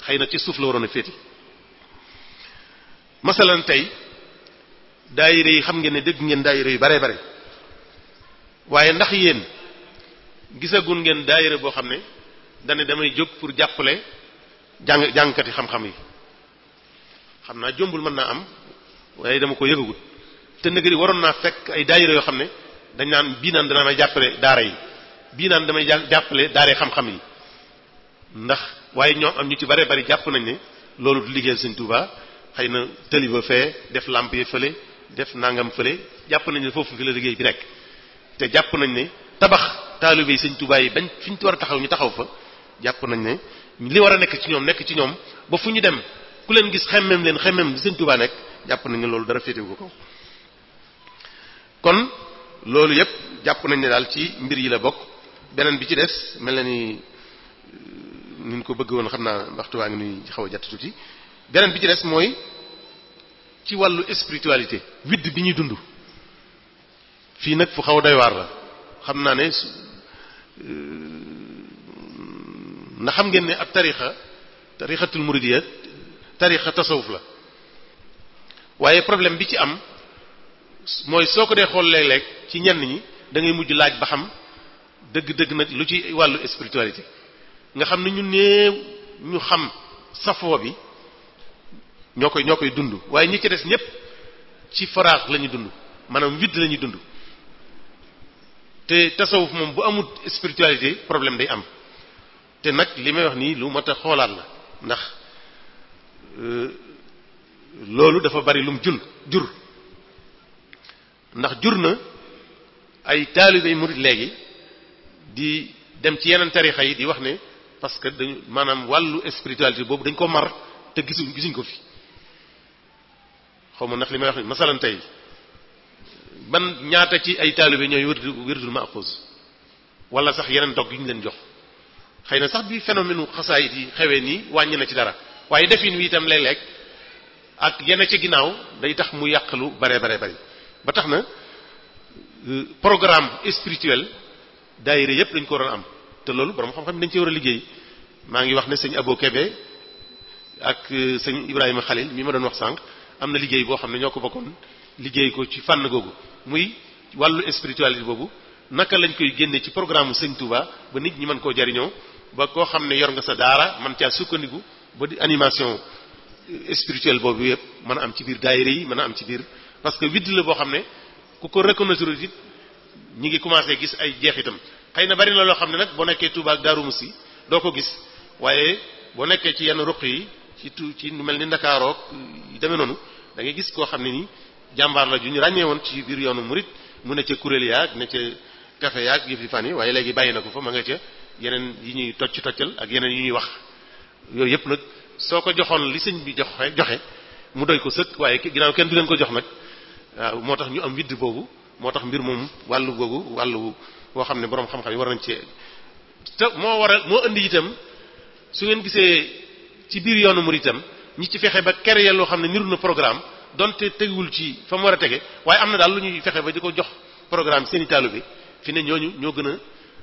xëy na ci suuf la waroon a féete masalan tey daayira yi xam ngeen ne dëgg ngeen daayira yu bare bare waaye ndax yéen gisagun ngeen daayira boo xam ne dane damay jóg pour jàppale jàng jàngkati xam-xam yi xam naa jombul mën naa am waaye dama ko yëgagut te nag waroon naa fekk ay daayira yoo xam ne dañ naan bii naan dana jàppale daara yi bii naan damay jàppale daara xam-xam yi ndax waaye ñoom am ñu ci bare bari jàpp nañ ne loolu du liggéeyal Sëñ Tuubaa xëy na tëli ba fee def làmp yi fële def nangam fële jàpp nañ ne foofu fi la liggéey bi rek te jàpp nañ ne tabax taalibe yi sëñ Tuubaa yi bañ fi ñu war a taxaw ñu taxaw fa jàpp nañ ne li war a nekk ci ñoom nekk ci ñoom ba fu ñu dem ku leen gis xemeem leen xemmeem li sëñ Tuubaa nekk jàpp nañ ne loolu dara féetewu ko kaw kon loolu yépp jàpp nañ ne daal ci mbir yi la bokk beneen bi ci des mel na ni ni ñu ko bëgg woon xam naa waxtu waa ngi nuy xaw a jàtt tuuti beneen bi ci des mooy ci wàllu spiritualité widd bi ñuy dund fii nag fu xaw day waar la xam naa ne Euh, ndax xam ngeen ne ak tarixa tarixatul muridiyya tarixa tasawuf la waaye problème bi ci am mooy soo ko dee xool léeg-léeg ci ñenn ñi dangay mujj laaj ba xam dëgg-dëgg na lu ci wàllu spiritualité nga xam ne ñu néew ñu xam safoo bi ñoo koy ñoo koy dund waaye ñi ci des ñépp ci faraax lañuy dund maanaam widd la dund te tasawuf moom bu amul spiritualité problème day am te nag li may wax nii lu mat xoolaat la ndax euh, loolu dafa bari lum jun jur ndax jur na ay taalibe murit léegi di dem ci yeneen tarixa yi di wax ne parce que dañu maanaam wàllu spiritualité boobu dañ ko mar te gisuñ gisuñ ko fi xaw ma ndax li may wax masalan tey ban ñaata ci ay taalibe ñooy wérdu wérdul maxuus wala sax yeneen dog yu ñu leen jox xëy na sax bi phénomène u xasaayit yi xewee nii wàññi na ci dara waaye defin wi itam lay lekk ak yenn ci ginnaaw day tax mu yàq lu bare bare bari ba tax na euh, programme spirituel daayira yépp dañ ko waroon am te loolu borom xam-xam dañ ci war a liggéey maa ngi wax ne sëñ Abo Kebe ak euh, sëñ Ibrahima Khalil mii ma doon wax sànq am na liggéey boo xam ne ñoo ko bokkoon liggéey ci fànn googu muy wàllu spiritualité boobu naka lañ koy génne ci programme Sëñ Touba ba nit ñi mën koo jariñoo ba koo xam ne yor nga sa daara man caa sukkandiku ba di animation spirituelle boobu yëpp mën a am ci biir daayira yi mën a am ci biir parce que widd la boo xam ne ku ko reconnaître it ñi ngi commencé gis ay itam xëy na bari na loo xam ne nag boo nekkee Touba ak Darou Moussi doo ko gis waaye boo nekkee ci yenn ruq yi ci tu ci nu mel ni Ndakaarook yu demee noonu da ngay gis koo xam ne nii jàmbaar la ju ñu ràññee woon ci biir yoonu murit mu ne ca kuréel ak ne ca café yaag yëf yi fan yi waaye léegi bàyyi na ko fa ma nga ca yeneen yi ñuy tocc toccal ak yeneen yu ñuy wax yooyu yëpp nag soo ko joxoon li sëñ bi joxe joxe mu doy ko sëkk waaye ginaaw kenn du leen ko jox nag moo tax ñu am widd boobu moo tax mbir moom wàll googu wàll woo xam ne boroom xam-xam yi war nañ ci te moo waral moo indi itam su ngeen gisee ci biir yoonu murit itam ñi ci fexe ba créer loo xam ne niru na programme donte tegul ci fa mu war a tege waaye am na daal lu ñuy fexe ba di ko jox programme seen i taalu bi fi ne ñooñu ñoo gën a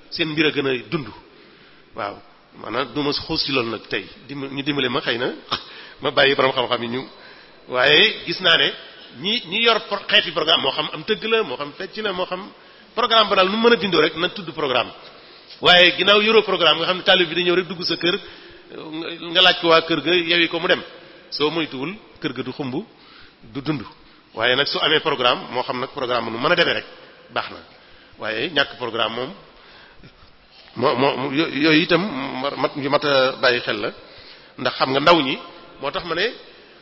seen mbir a gën a dund waaw maanaam du ma xuus ci loolu nag tey dim ñu dimbale ma xëy na <laughs> ma bàyyi borom xam-xam yi ñu waaye gis naa ne ñi ñi yor xeeti programme moo xam am tëgg la moo xam fecc la moo xam programme ba daal nu mën a bindoo rek na tudd programme waaye ginnaaw yoro programme nga xam ne taalib bi dañu ñëw rek dugg sa kër nga laaj ko waa kër ga yewi ko mu dem soo moytuwul kër ga du xumb du dund waaye nag su amee programme moo xam nag programme mu mën a demee rek baax na waaye ñàkk programme moom moo moo yooyu itam mat yu mat bàyyi xel la ndax xam nga ndaw ñi moo tax ma ne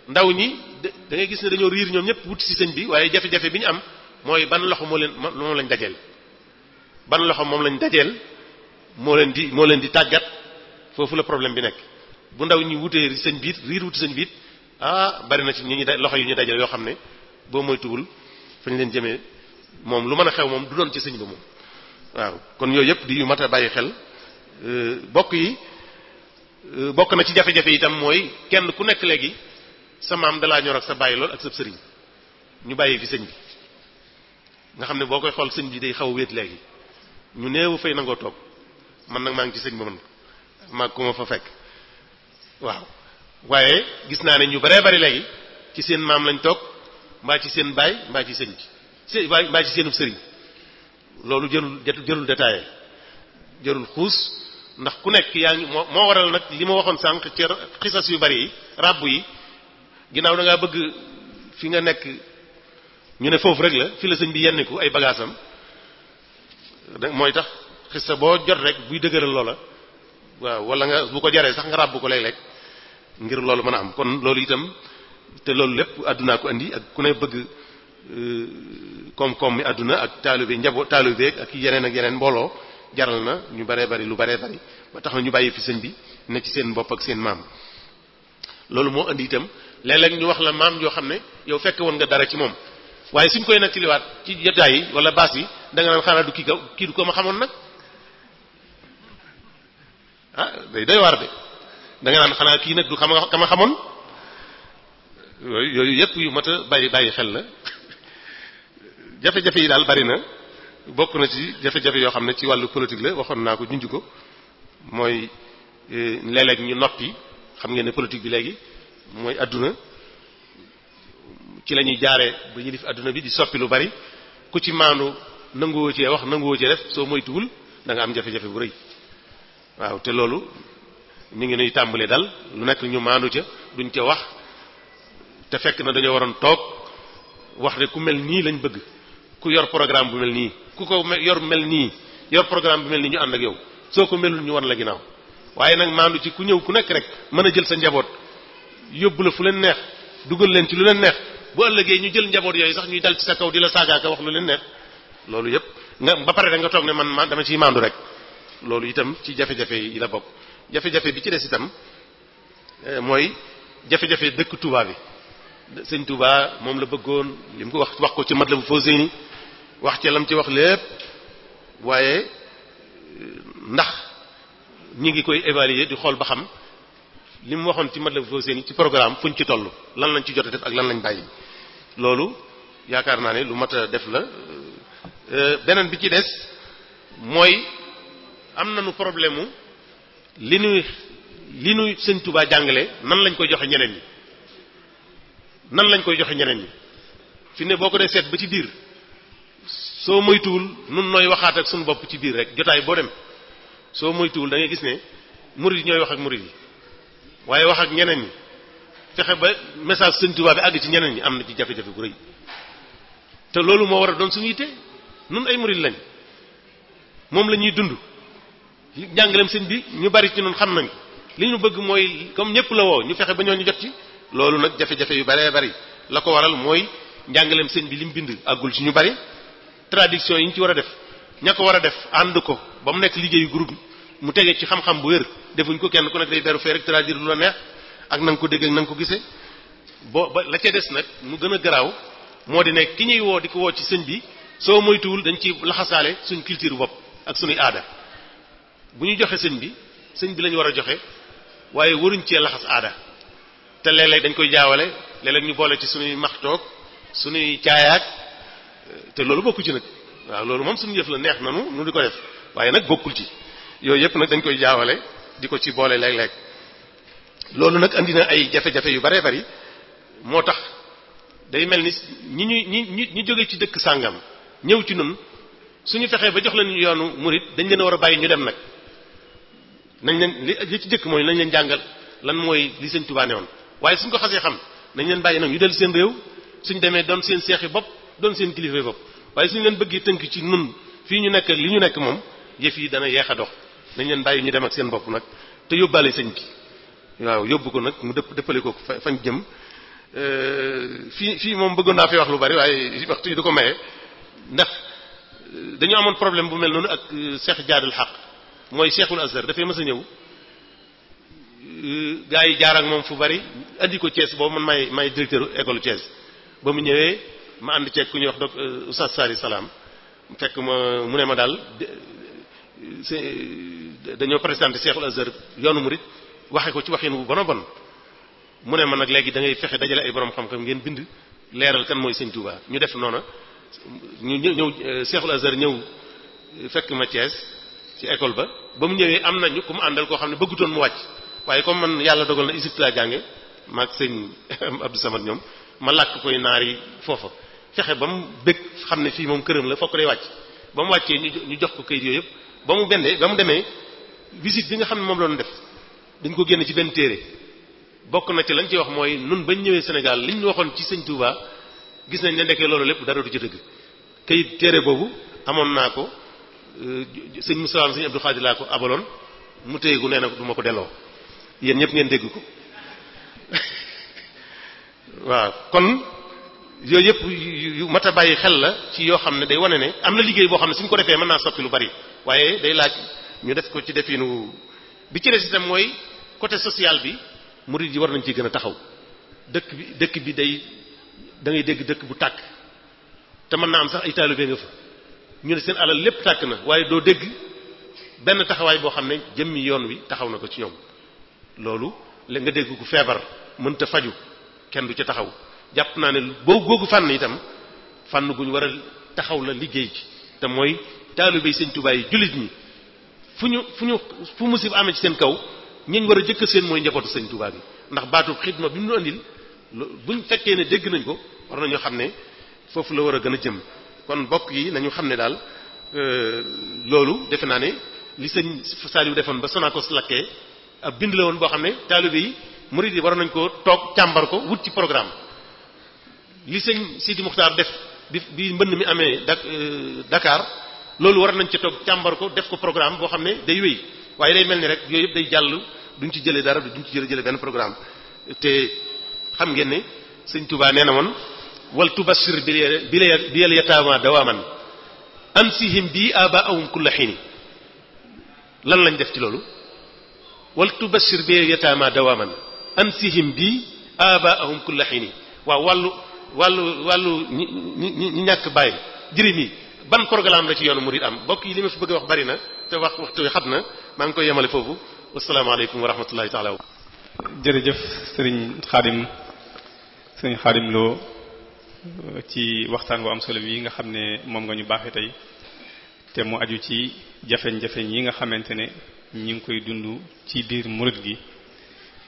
ndaw ñi da ngay gis ne dañoo riir ñoom ñëpp wut si sëñ bi waaye jafe bi ñu am mooy ban loxo moo leen moom lañ dajeel ban loxo moom lañ dajeel moo leen di moo leen di tàggat foofu la problème bi nekk bu ndaw ñi wutee sëñ biit riir wuti sañ biit ah bari na ci ñi ñu da loxo yu ñu dajale yoo xam ne boo moytuwul fañ leen jëmee moom lu mën a xew moom du doon ci sëñ ba moom waaw kon yooyu yëpp di yu mat bàyyi xel euh, bokk yi euh, bokk na ci jafe-jafe itam mooy kenn ku nekk léegi sa maam dalaa ñor ak sa bàyyi lool ak sa sëriñ ñu bàyyi fi sëñ bi nga xam ne boo koy xool sëñ bi day xaw a wéet léegi ñu néew fay nangoo toog man nag maa ngi ci sëñ ba man maa ko ma fa fekk waaw waaye gis naa ne ñu baree bari léegi ci seen maam lañ toog mbaa ci seen baay mbaa ci sëñ ci mbaa ci seenub sëriñ loolu jërul jërul détaillé jërul xuus ndax ku nekk yaa ngi moo moo waral nag li ma waxoon sànq ci xisas yu bari yi ràbb yi ginnaaw da bëgg fi nga nekk ñu ne foofu rek la fi la sëñ bi yenniku ay bagaasam mooy tax xista boo jot rek buy dëgëral loola waaw wala nga bu ko jaree sax nga ràbbu ko léeg-léeg ngir loolu mën a am kon loolu itam te loolu lépp àddunaa ko indi ak ku ne bëgg euh, koom-koom mi àdduna ak taalibe njabo taalibe ak yeneen ak yeneen mbooloo jaral na ñu bare bari lu baree bari ba tax na ñu bàyyi fi sëñ bi ne ci seen bopp ak seen maam loolu moo indi itam léeg ñu wax la maam yoo xam ne yow fekk woon nga dara ci moom waaye suñ koy nag ci liwaat ci jotaay yi wala baas yi danga nga naan du kii kaw kii du ko ma xamoon nag ah day doy danga nga naan xanaa kii nag du xam nga kama xamoon yooyu yooyu yëpp yu mat a bàyyi bàyyi xel la jafe-jafe yi daal bari na bokk na ci jafe-jafe yoo xam ne ci wàllu politique la waxoon naa ko junj ko mooy e, léeg ñu noppi xam ngeen ne politique bi léegi mooy àdduna ci la ñuy jaaree ba yilif àdduna bi di soppi lu bari ku ci maandu nanguwoo cee wax nanguwoo cee def soo moytuwul danga am jafe-jafe bu rëy waaw te loolu mi ngi nuy tàmbali dal lu nekk ñu maandu ca duñ ca wax te fekk na dañoo waroon toog wax ne ku mel nii lañ bëgg ku yor programme bu mel nii ku ko yor mel nii yor programme bu mel nii ñu ànd ak yow soo ko melul ñu wan la ginnaaw waaye nag maandu ci ku ñëw ku nekk rek mën a jël sa njaboot yóbbu la fu leen neex dugal leen ci lu leen neex bu ëllëgee ñu jël njaboot yooyu sax ñuy dal ci sa kaw di la saagaaka wax lu leen neex loolu yëpp nga ba pare da nga toog ne man dama ciy maandu rek loolu itam ci jafe-jafe yi la bokk jafe-jafe bi ci des itam eh, mooy jafe-jafe dëkk Touba bi sëñ moom la bëggoon lim ko wax wax ko ci Matlabul Fawzayni wax ci lam ci wax lépp waaye eh, ndax ñi ngi koy évaluer di xool ba xam li mu waxoon ci Matlabul Fawzayni ci programme fuñ ci toll lan lañ ci jot a def ak lan lañ bàyyi loolu yaakaar naa ne lu mat a def la eh, beneen bi ci des mooy am nañu problème mu li nuy li nuy sëñ tubaa jàngale nan lañ koy joxe ñeneen yi nan lañ koy joxe ñeneen yi fi ne boo ko dee seet ba ci biir soo moytuwul nun nooy waxaat ak suñu bopp ci biir rek jotaay boo dem soo moytuwul dangay ngay gis ne murid ñooy wax ak murid yi waaye wax ak ñeneen ñi fexe ba message sëñ Touba bi àgg ci ñeneen ñi am na ci jafe-jafe bu rëy te loolu moo war a doon suñu yitte nun ay morit lañ moom lañuy dund jàngaleem sëñ bi ñu bari ci ñun xam nañ li ñu bëgg mooy comme ñëpp la woo ñu fexe ba ñoo ñu jot ci loolu nag jafe-jafe yu bare bari la ko waral mooy njàngaleem sëñ bi li mu bind àggul ci ñu bari traduction yi ñu ci war a def ña war a def ànd ko ba mu nekk liggéeyu groupe mu tege ci xam-xam bu wér defuñ ko kenn ku nekk day beru fee rek traduire lu la neex ak na ko dégg ak na ko gise boo ba la ca des nag mu gën a garaaw moo di nekk ki ñuy woo di ko woo ci sëñ bi soo moytuwul dañ ci laxasaale suñ culture bopp ak suñuy aada bu ñu joxee sëñ bi sëñ bi lañu war a joxe waaye waruñ cee laxas aada te léeg-léeg dañ koy jaawale léeg ñu boole ci suñuy maxtoog suñuy caayaak te loolu bokku ci nag waaw loolu moom suñu yëf la neex nanu nu di ko def waaye nag bokkul ci yooyu yëpp nag dañ koy jaawale di ko ci boole léeg-léeg loolu nag indi na ay jafe-jafe yu baree bari moo tax day mel ni ñi ñuy ñi ñi ñu jóge ci dëkk sàngam ñëw ci nun suñu fexee ba jox leen yoonu murit dañ leen war a bàyyi ñu dem nag nañu leen li li ci jëkk mooy nañ leen jàngal lan mooy li sëñ Tuubaa ne woon waaye suñ ko xasee xam nañ leen bàyyi nag ñu del seen réew suñ demee doon seen seexi bopp doon seen kilifa bopp waaye suñ leen bëggee tënk ci nun fii ñu nekk li ñu nekk moom yëf yi dana yeex a dox nañ leen bàyyi ñu dem ak seen bopp nag te yóbbaale sëñ bi waaw yóbbu ko nag mu dëpp dëppale ko fañ jëm euh, fii fii moom bëggoon naa fi wax lu bari waaye waxtu yi du ko maye ndax euh, dañu amoon problème bu mel noonu ak euh, Cheikh Jaadul Xaq mooy cheikhul azhar dafay mës ñëw euh, gaa yi jaar ak moom fu bari andi ko Thiès boobu man may may directeur école ba mu ñëwee ma ànd ceeg ku ñuy wax doc euh, oustaz Sari Salaam fekk ma mu ne ma daal euh, dañoo présenté cheikhul azhar yoonu murit waxe ko ci waxin bu bon a mu ne ma nag léegi da ngay fexe dajale ay borom xam-xam ngeen bind leeral kan mooy sëñ Touba ñu def noonu ñu ñëw cheikhul azhar ñëw fekk ma Thiès ci école ba ba mu ñëwee am nañu ku mu àndal koo xam ne bëggutoon mu wàcc waaye comme man yàlla dogal na Égypte laa jànge maag sëñ <laughs> Abdou Samad ñoom ma làkk koy naar yi foofa fexe ba mu bëgg xam ne fii moom këram la fokk day wàcc ba mu wàccee ñu jox ko kayit yooyu yëpp ba mu bendee ba demee visite bi nga xam ne moom loonu def dañ ko génn ci benn téere bokk na ci lañ ci wax mooy nun bañ ñëwee Sénégal liñ ñu waxoon ci sëñ Touba gis nañ ne ndekkee loolu lépp dara du ci dëgg kayit téere boobu amoon naa ko Euh, sëñ Moussa mi sëñ Abdou laa ko abaloon mu téyegu nee na du ma ko delloo yéen ñëpp ngeen dégg ko <laughs> waaw kon yooyu yëpp yu mat a bàyyi xel la ci yoo xam ne day wane ne am na liggéey boo xam ne suñ ko defee mën naa soppi lu bari waaye day laaj ñu def ko ci definu bi ci des itam mooy côté sociale bi murid yi war nañ ci gën a taxaw dëkk bi dëkk bi day dangay dégg dëkk bu tàkk te mën naa am sax ay taalibe nga fa ñu ne seen alal lépp tàkk na waaye doo dégg benn taxawaay boo xam ne jëmmi yoon wi taxaw na ko ci ñoom loolu la nga dégg ko feebar mën te faju kenn du ca taxaw jàpp naa ne boo googu fànn itam fànn guñ war a taxaw la liggéey ci te mooy taalibey sëñ Tuubaa yi jullit ñi fu ñu fu ñu fu musib amee ci seen kaw ñiñ war a jëkk seen mooy njabootu sëñ Tuubaa bi ndax baatu xidma bi ñu nu andil buñ fekkee ne dégg nañ ko war na ñoo xam ne foofu la war a gën a jëm kon bokk yi nañu xam ne daal euh, loolu defe naa ne li sëñ Saliou defoon ba Sonacos lakkee ab bind la woon boo xam ne taalibe yi murid yi waroon nañ ko toog càmbar ko wut ci programme li sëñ Sidi Muxtaar def bi bi mbënn mi amee euh, dakaar loolu war nañ ci toog càmbar ko def ko programme boo xam ne day wéy waaye day mel ni rek yooyu yëpp day jàll duñ ci jëlee dara duñ ci jëlee jëlee benn programme te xam ngeen ne sëñ Touba nee na woon wal tubassir bil yataama dawaaman ansihim bii abaahum kulla xiini lan lañ def ci loolu wal tubassir bil yataama dawaaman ansihim bii abaahum kulla xiini waaw wàllu wàllu wàllu ñi ñi ñi ñàkk bàyyi jërim yi ban programme la ci yoonu murid am mbokk yi li ma fi bëgg a wax bari na te wax waxtu wi xat na maa ngi koy yemale foofu wasalaamaaleykum wa rahmatullahi taala jërëjëf sëriñ xaadim sëriñ xaadim loo ci waxtaan wu am solo bii nga xam ne moom nga ñu baaxe tey te mu aju ci jafe-jafe yi nga xamante ne ñi ngi koy dund ci biir murid gi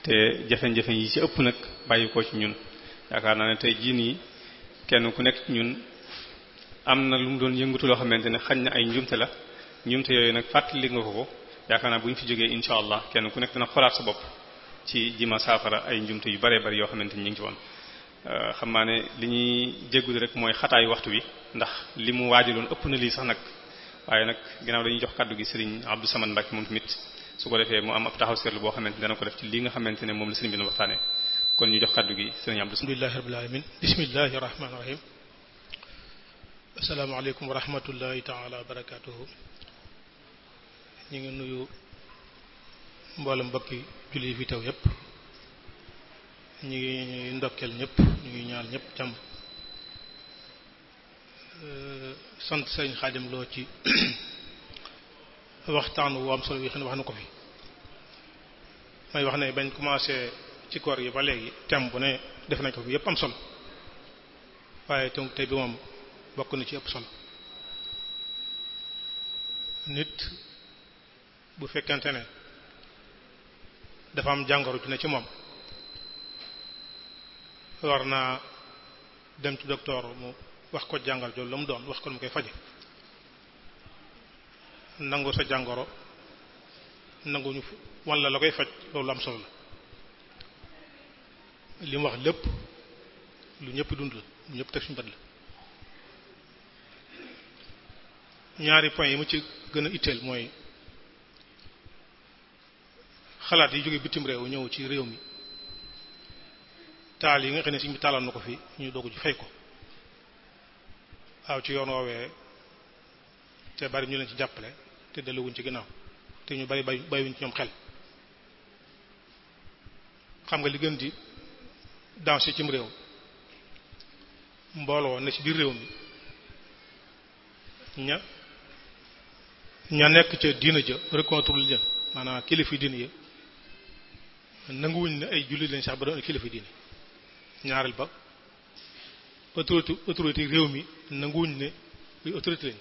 te jafe-jafe yi ci ëpp nag bàyyi ko ci ñun yaakaar naa ne tey jii nii kenn ku nekk ñun am na lu mu doon yëngatu loo xamante ne xañ na ay njumte la njumte yooyu nag fàttali nga ko ko yaakaar naa bu ñu fi jógee incha allah kenn ku nekk na xolaat sa bopp ci jima saafara ay njumte yu bare bari yoo xamante ni ñu ngi ci woon. Euh, xam naa ne li ñuy jéggul rek mooy xataayu waxtu wi ndax li mu waajaloon ëpp na lii sax nag waaye nag ginnaaw dañuy jox kàddu gi Serigne Abdou Samane Mbacke moom tamit su ko defee mu am ab taxaw seetlu boo xamante dana ko def ci lii nga xamante ne moom la Serigne bi nu waxtaanee kon ñu jox kàddu gi Serigne Abdou Samane. alhamdulillahi rabbil alamin bismillahir rahmanir rahim asalaamaaleykum wa rahmatullahi taala wa barakatuhu ñu ngi nuyu mboolem mbokki julli fi taw yépp ñu ngi ndokkeel ñëpp ñu ngi ñaan ñëpp jàmm euh, sant sëñ Xaadim Lo ci <clears throat> waxtaan wu am sol wi xam ne wax na ko fi may wax na ne bañ commencé ci koor yi ba léegi thème bu ne def nañ ko fi yëpp am solo waaye donc tey bi moom bokk na ci ëpp solo nit bu fekkente ne dafa am jàngoro ju ne ci moom war naa dem ci docteur mu wax ko jàngal jooju la mu doon wax ko mu koy faje nangu sa jàngoro nangu ñu walla la koy faj loolu am solo la li wax lépp lu ñëpp dund la lu ñëpp teg suñu bët la ñaari point yi ma ci gën a itteel mooy xalaat yi jóge bitim réew ñëw ci réew mi taal yi nga xam ne si bi taaloon na ko fi ñu dogu ci fay ko aw ci yoon woowee te bari ñu leen ci jàppale te delluwuñ ci ginnaaw te ñu bari bay ci ñoom xel xam nga li di dansé cim réew mbooloo ne ci biir réew mi ña ña nekk ca diina ja recontre lu jëm maanaam kilifa diine ya nanguwuñ ne ay jullit kilifa diine ñaareel ba autorité autorité réew mi nanguwuñ ne ay autorité lañ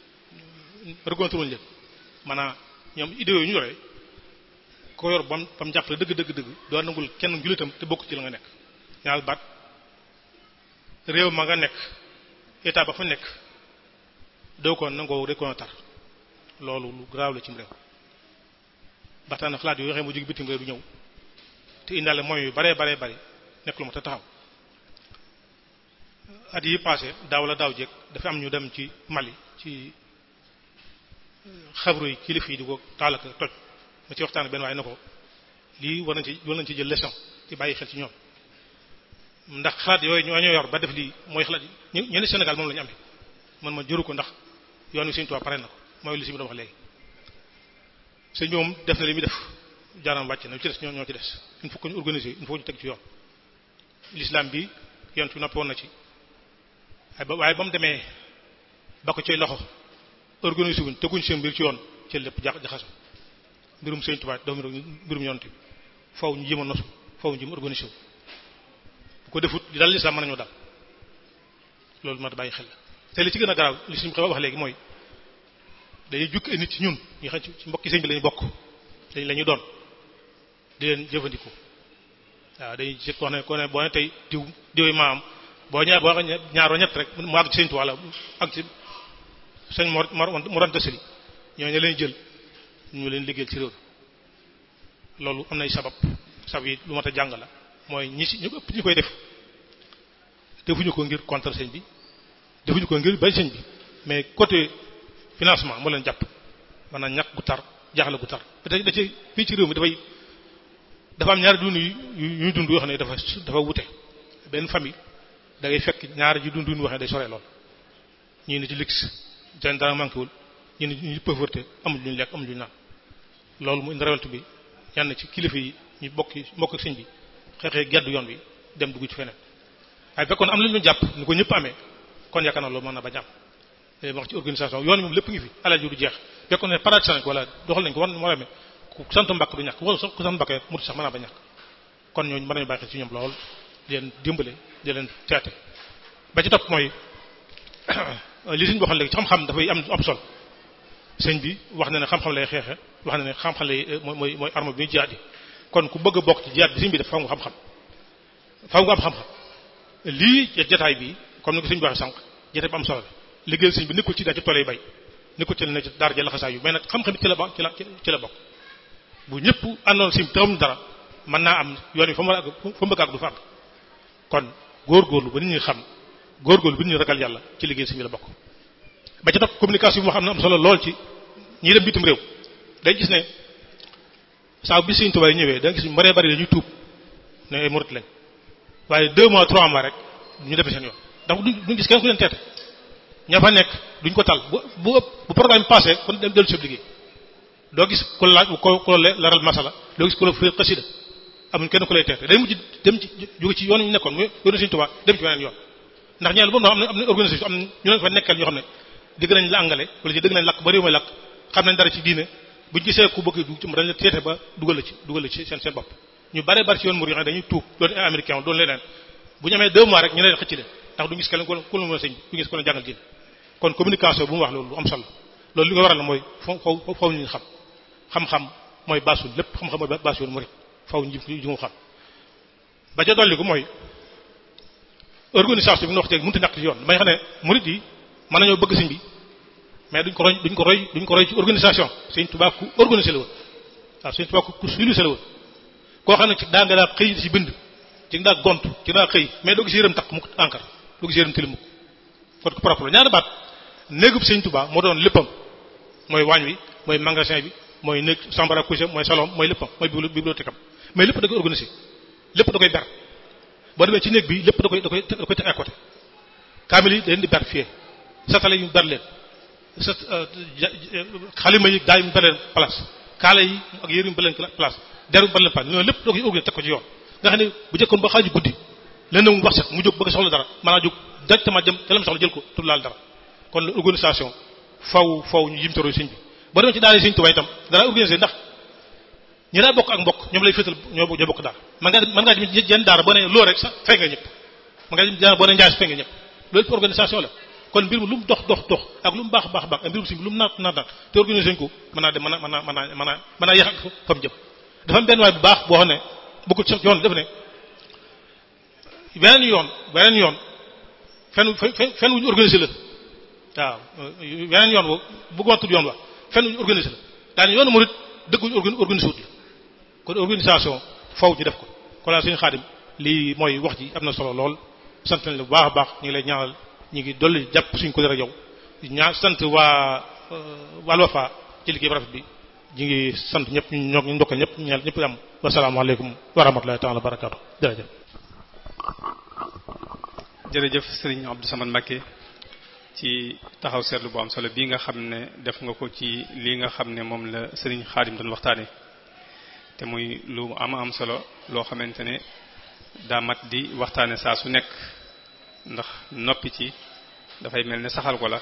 reconnaître wuñ leen maanaam ñoom idée yooyu ñu yore ko yor bam bam jàppale dëgg dëgg dëgg doo nangul kenn jullitam te bokk ci la nga nekk ñaar baat réew ma nga nekk état ba fa nekk doo ko nangoo reconnaître loolu lu grave la ci réew ba tax na xalaat yooyu waxee mu jóg bitim réew du ñëw te indaale moyens yu baree baree bari nekk lu ma te taxaw at yi passé daaw la daaw jekk dafa am ñu dem ci Mali ci xabru yi kilif yi di ko taalaka toj ma ci waxtaan benn waaye na ko lii war nañ ci war nañ ci jël leçon ci bàyyi xel ci ñoom ndax xalaat yooyu ñoo ñoo yor ba def lii mooy xalaat yi ñenn Sénégal moom la ñu amee man ma jëru ko ndax yoon wi Sëñ pare na ko mooy li si bi doon wax léegi sëñ def na li muy def jaanam wàcc na lu ci des ñoo ci des il faut que ñu organiser il faut que ñu teg ci yoon l'islam bi yoon ci noppi na ci waaye ba mu demee ba ko ci loxo organisé wuñ teguñ seen mbir ci yoon ci lépp jaxaso mbirum Sëriñ Tuubaa doo mbirum yonte faw ñu jéem a nosu faw ñu jéem organisé wu bu ko defut dal lislaam mën nañoo dal loolu mat bàyyi xel te li ci gën a garaaw li suñu xew wax léegi mooy dañuy jukki nit ci ñun ñu xam ci mbokki sëñ bi lañu bokk dañ la ñu doon di leen jëfandikoo waaw dañuy jëkk wax ne ko ne boo ne tey diw diwee maam boo ñëwee boo xam ñaaroo ñett rek mu àgg ci sëñ Tuubaa la ak ci ñoo Mor Mor Anta Sali ñooñu leen jël ñu leen liggéeyal ci réew loolu am nay sabab sabab yi lu mat a jàng la mooy ñi si ñu ëpp ñu koy def defuñu ko ngir contre sëñ bi defuñu ko ngir bay sëñ bi mais côté financement moo leen jàpp maanaam ñàkk gu tar jaaxle gu tar da da ci ci réew mi dafay dafa am ñaari dund yu ñuy dund yoo xam ne dafa dafa wute benn famille da ngay fekk ñaar ji dundun waxee day sore lool ñii ni ci luxe seen dara manqué wul ñii ni ñu pauvreté amul lu ñu lekk amul lu ñu naan loolu mu indi révolte bi ñenn ci kilifa yi ñu bokki mbokk ak sëñ bi xeexee geddu yoon bi dem dugg ci feneen waaye fekkoon am lañu ñu jàpp nu ko ñëpp amee kon yaakaar na loolu mën na bañ am léegi wax yoon moom lépp ngi fi alal ji du jeex fekkoon ne paratisan ko wala doxal nañ ko war moo amee ku sant mbàkk du ñàkk wala ku sant mbàkk murid sax man a ba ñàkk kon ñooñu mën nañu bàyyi ci ñoom lool di leen dimbale di leen teete ba ci topp mooy <coughs> li suñ waxoon léegi ci xam-xam dafay am am sol sëñ bi wax na ne xam-xam lay xeexe wax na ne xam-xam eh, mooy mooy arme bi ñu kon ku bëgg bokk ci jihaad bi bi def faw nga xam-xam faw nga am xam-xam lii jataay bi comme ni ko sëñ bi waxee sànq jataay bi am solo la liggéeyal bi nekkul ci daa ci toolee bay nekkul ci la ne ci daar ja yu mais nag xam-xam ci la ba la bokk bu ñëpp àndoon sëñ bi taxam dara mën naa am yoon wi fa mu bëgg ak du fa kon góorgóorlu ba nit ñi xam góorgóorlu ba nit ñi ragal yàlla ci liggéey si bi la bokk ba ci topp communication bi wax am na am solo lool ci ñiy dem bitim réew day gis ne saa bi Sëriñ Tuubaa ñëwee da gis ñu bëree bëri dañuy tuub ne ay murit waaye deux mois trois mois rek ñu def seen yoon ndax duñ gis kenn ku leen teete ña fa nekk duñ ko tal bu bu ëpp bu programme passé kon dem dellu si liggéey doo gis ko laaj ko ko leral masala doo gis ku la firi xasida amuñ kenn ku lay teer day mujj dem ci jóge ci yoon ñu nekkoon muy yoonu Sëriñ Tuubaa dem ci weneen yoon ndax ñeen boobu am na am na organisation am ñu leen fa nekkal ñoo xam ne dégg nañ la angale wala ci dégg nañ làkk ba réew may làkk xam nañ dara ci diine buñu gisee ku bëgg dugg ci dañ la teete ba dugal la ci dugal la ci seen seen bopp ñu bare bari ci yoon mur yoo xam ne dañuy tuub doon américain doon leneen bu ñu amee deux mois rek ñu leen xëcc leen ndax du gis kenn ku la mën a sëñ du gis ku la jàngal diine kon communication bu mu wax loolu lu am solo loolu li ko waral mooy foo foo foo ñu xam xam-xam mooy baasul lépp xam-xam mooy baasul murid faw njib ñu mu xam ba ca dolli ko mooy organisation bi ñu wax tey mënut a ñàkk ci yoon may xam ne murid yi mën nañoo bëgg sëñ bi mais duñ ko roy duñ ko roy duñ ko roy ci organisation sëñ Tuubaa ku organisé la woon waaw sëñ Tuubaa ku suivi la woon koo xam ne ci daa nga daa xëy ci bind ci daa gont ci daa xëy mais doo gis yërëm takk mukk encre doo gis yërëm tilim mukk kon ko propre ñaari baat néegub sëñ Tuubaa moo doon léppam mooy waañ wi mooy magasin bi mooy néeg chambre à coucher mooy salon mooy léppam mooy bibliothèque am mais lépp da koy organiser lépp da koy ber boo demee ci néeg bi lépp da koy da koy da koy teg à côté kaamil yi da di ber fii satale yi mu ber leen sa euh, yi daay mu ber leen place yi ak yëri mu ber leen place deru mu ber leen place lépp da koy organiser teg ko ci yoon nga xam ne bu jëkkoon ba xaaju guddi leen mu wax sax mu jóg bëgg soxla dara maanaam jóg directement jëm te lam soxla jël ko tudd laal dara kon organisation faw faw ñu yim toro sëñ bi boo demee ci daal sëñ Tuubaa itam dara ñi daa bokk ak mbokk ñoom lay féetal ñoo bokk daara man ngaa man ngaa daara boo ne loo rek sax fay man ngaa dem daara boo ne njaay fay nga ñëpp loolu pour organisation la kon mbir mi lu mu dox dox dox ak lu mu baax baax baax ak mbirum si lu mu naat naat naat te organisé ñu ko mën naa dem mën naa mën naa mën naa mën naa yéex ak fa mu jëm dafa am benn bu baax boo xam ne bokkul ci yoon def ne beneen yoon beneen yoon fenn fenn wuñu organisé la waaw beneen yoon boobu bëggoon tudd yoon fenn wuñu organisé la daan yoonu murid dëkk wuñu organisé wut kon organisation faw ñu def ko kon suñu xaadim lii mooy wax ji am na solo lool sant nañ la bu baax a baax ñu ngi lay ñaanal ñu ngi dolli jàpp suñ ko dara yow ñaa sant waa Al euh, Wafa ci liggéey bu rafet bi ji ngi sant ñëpp ñu ñu ndokkal ñëpp ñu ñëpp am wasalaamaaleykum wa rahmatullahi taala wa barakaatu jërëjëf. jërëjëf sëriñ Abdou Samane Mbacké ci taxaw seetlu boo am solo bii nga xam ne def nga ko ci lii nga xam ne moom la sëriñ Xaadim doon waxtaane te muy lu am am solo loo xamante ne daa mat di saa su nekk ndax noppi ci dafay mel ne saxal ko la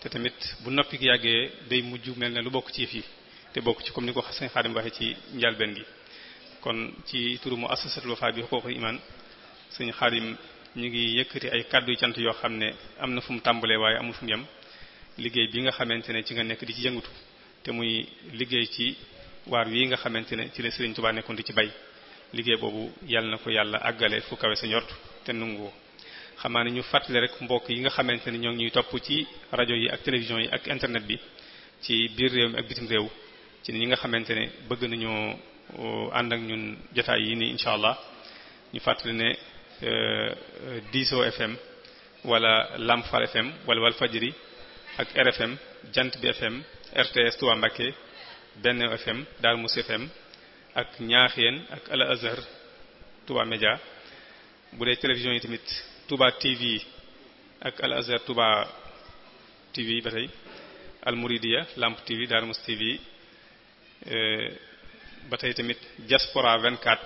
te tamit bu noppi yàggee day mujj mel ne lu bokk ci fii te bokk ci comme ni ko sëñ Xaadim waxee ci njalbeen gi kon ci turu muassasatul Wafa bi xuquuqul iman sëñ Xaadim ñu ngi yëkkati ay kàddu cant yoo xam ne am na fu mu tàmbalee waaye amul fu mu liggéey bi nga xamante ne ci nga nekk di ci yëngatu te muy liggéey ci waar wi nga xamante ne ci la Sëriñ Tuubaa nekkoon di ci bay liggéey boobu yàlla na ko yàlla àggale fu kawe sa njort te nungu xamaa ne ñu fàttali rek mbokk yi nga xamante ne ñoo ngi ñuy topp ci rajo yi ak télévision yi ak internet bi ci biir réew mi ak bitim réew ci ñi nga xamante ne bëgg nañoo euh, ànd ak ñun jotaay yi nii incha allah ñu fàttali ne euh, Diso FM wala Lamp FM wala Walfajri ak RFM Jant bi FM RTS Touba Mbacké Benno FM Darou Moukhty FM ak Ñaaxeen ak Al Azhar Touba Média bu dee télévision yi tamit Touba TV ak Al Azhar Touba TV ba tey Al Mouridiya Lamp TV Darou Moukhty TV eh, ba tey tamit Diaspora 24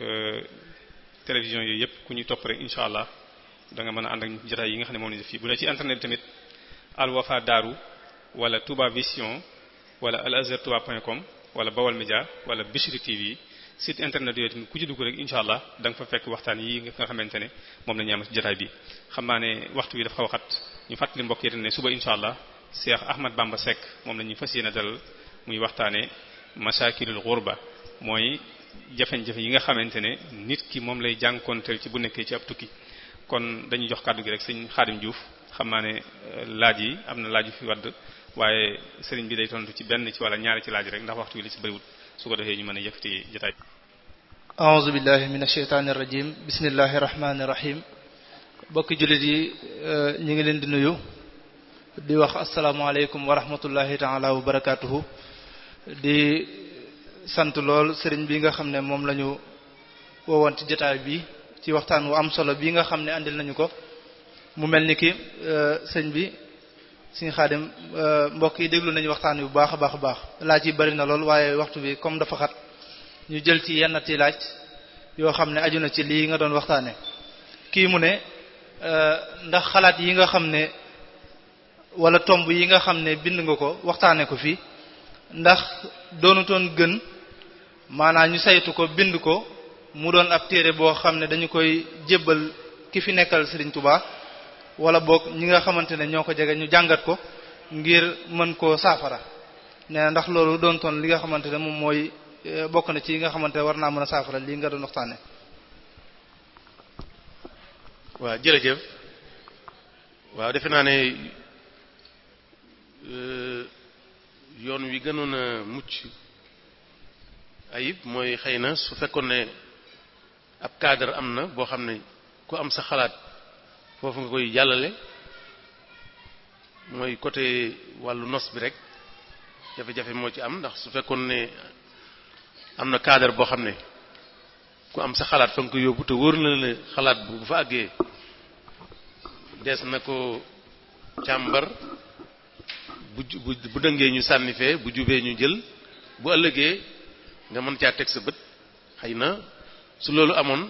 eh, télévision yooyu yëpp ku ñu topp rek incha allah danga mën a ànd ak jotaay yi nga xam ne moom lañu def fii bu dee ci internet bi tamit Al Wafa Darou wala Touba Vision. wala alazhar touba point com wala bawal media wala Bichri TV site internet yooyu tamit ku ci dugg rek incha allah danga nga fa fekk waxtaan yi nga xamante ne moom la ñu am ci jotaay bi. xam naa ne waxtu wi dafa xaw xat ñu fàttali mbokk yi ne suba incha allah Cheikh Ahmad Bamba Seck moom la ñuy fas yéene dalal muy waxtaanee masakilul ba mooy jafe-jafe yi nga xamante ne nit ki moom lay jànkoonteel ci bu nekkee ci ab tukki. kon dañuy jox kàddu gi rek sëñ Xaadim Diouf xam naa ne euh, laaj yi am na laaj yu fi wadd waaye sëriñ bi day tontu ci benn ci wala ñaari ci laaj rek ndax waxtu wi li ci bëriwut su ko defee ñu mën a yëkkati jotaay a'udhu billahi minash shaitanir rajim bismillahir rahmanir rahim bokki jullit yi euh, ñu ngi leen di nuyu di wax asalaamaaleykum wa rahmatullahi taala wa barakatuhu di sant lool sëriñ bi nga xam ne moom lañu ñu woowoon bi ci waxtaan wu am solo bi nga xam ne andil nañu ko mu mel ni ki euh, sëñ bi suñu xaadim euh, mbokk yi déglu nañu waxtaan bu baax a baax a baax laaj yi bari na lool waaye waxtu bi comme dafa xat ñu jël ci yennati laaj yoo xam ne aju na ci lii nga doon waxtaane kii mu ne euh, ndax xalaat yi nga xam ne wala tomb yi nga xam ne bind nga ko waxtaane ko fii ndax doonutoon gën maanaa ñu saytu ko bind ko mu doon ab téere boo xam ne dañu koy jébbal ki fi nekkal Serigne Touba wala boog ñi nga xamante ne ñoo ko jege ñu jàngat ko ngir mën koo saafara nee na ndax loolu doontoon li nga xamante ne moom mooy eh, bokk na ci yi nga xamante ne war naa mën a saafara lii nga doon waxtaane waaw jërëjëf waaw defe naa ne eh, yoon wi gënoon a mucc ayib mooy xëy na su fekkoon ne ab cadre am na boo xam ne ku am sa xalaat foofu nga koy jàllale mooy côté wàllu nos bi rek jafe-jafe moo ci am ndax su fekkoon ne am na cadre boo xam ne ku am sa xalaat fa nga ko yóbbu te wóor na ne xalaat bu fa àggee des na ko càmbar bu bu dëngee ñu sànni fee bu jubee ñu jël bu ëllëgee nga mën caa teg sa bët xëy na su loolu amoon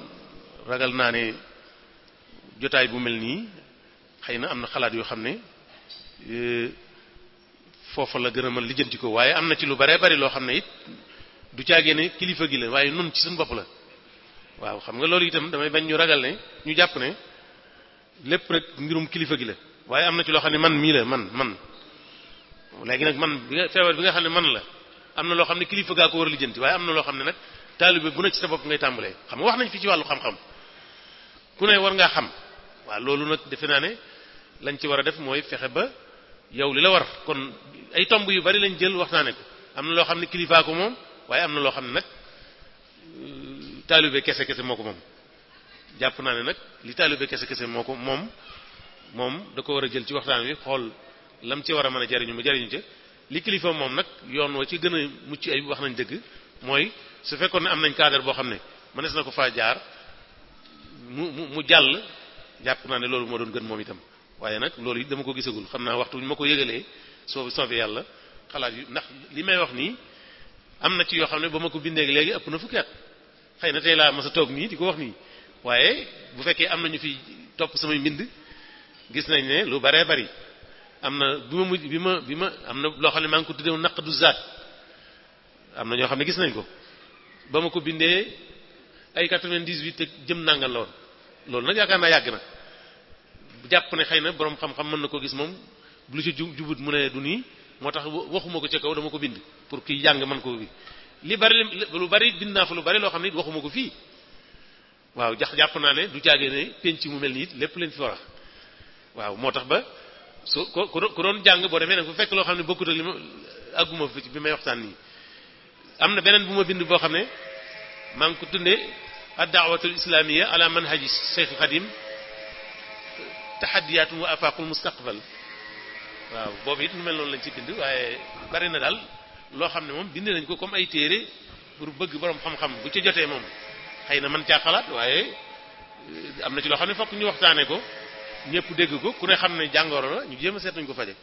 ragal naa ne jotaay bu mel nii xëy na am na xalaat yoo xam ne e, foofa la gën a mën lijjanti ko waaye am na ci lu bare bari loo xam ne it du caagee ne kilifa gi la waaye nun ci suñu bopp la waaw xam nga loolu itam damay bañ ñu ragal ne ñu jàpp ne lépp rek mbirum kilifa gi la waaye am na ci loo xam ne man mii la man man léegi nag man bi bi nga xam ne man la am na loo xam ne kilifa gaa ko war a lijjanti waaye am na loo xam ne nag taalibe bu ne ci sa bopp ngay tàmbalee xam nga wax nañ fi ci wàllu xam-xam ku ne war ngaa xam waa loolu nag defe naa ne lañ ci war a def mooy fexe ba yow li la war kon ay tomb yu bari lañ jël wax ko am na loo xam ne kilifaa ko moom waaye am na loo xam ne nag euh, taalibe kese kese moo ko moom jàpp naa ne nag li taalibe kese kese moo ko moom moom da ko war a jël ci waxtaan wi xool lam ci war a mën a jariñu mu jariñu ca li kilifa moom nag yoon wa ci gën a mucc ay wax nañ dëgg mooy su fekkoon ne am nañ cadre boo xam ne mënees na ko faa jaar mu mu mu jàll jàpp naa ne loolu moo doon gën moom itam waaye nag loolu it dama ko gisagul xam naa waxtu bu ñu ma ko yëgalee soo soobee yàlla xalaat yu ndax li may wax nii am na ci yoo xam ne ba ma ko bindee léegi ëpp na fukki at xëy na tey laa mas a toog nii di ko wax nii waaye bu fekkee am na ñu fi topp samay mbind gis nañ ne lu baree bari am na mujj bi ma bi ma am na loo xam ne maa ngi ko tuddee naq du zaat am na ñoo xam ne gis nañ ko ba ko bindee ay 98 te jëm nangal la woon loolu nag yaakaar naa yàgg na jàpp ne xëy na boroom xam-xam mën na ko gis moom lu ci jubut mu ne du nii moo tax waxuma ko ci kaw dama ko bind pour kii jàng man ko bi li bari lu bari bind naa fa lu bari loo xam ne waxuma ko fii waaw jax jàpp naa ne du caagee ne penc mu mel ni it lépp leen waaw moo tax ba su ku doon jàng boo demee nag bu fekk loo xam ne bokkut ak li ma àgguma fi bi may waxtaan nii am na beneen bu ma bind boo xam ne maa ngi ko tundee addaawatul islaamiya ala manhaji Cheikh Khadim taxadiyaatun wa afaaqul mustaqbal waaw boobu it ñu mel noonu lañ ci bind waaye bari na daal loo xam ne moom bind nañ ko comme ay téere pour bëgg borom xam-xam bu ca jotee moom xëy na man caa xalaat waaye euh, am na ci loo xam ne fokk ñu waxtaanee ko ñëpp dégg ko ku ne xam ne jàngoro la ñu jéem a seet nañ ko faje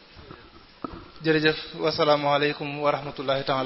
jërëjëf wasalaamaaleykum wa rahmatullahi taala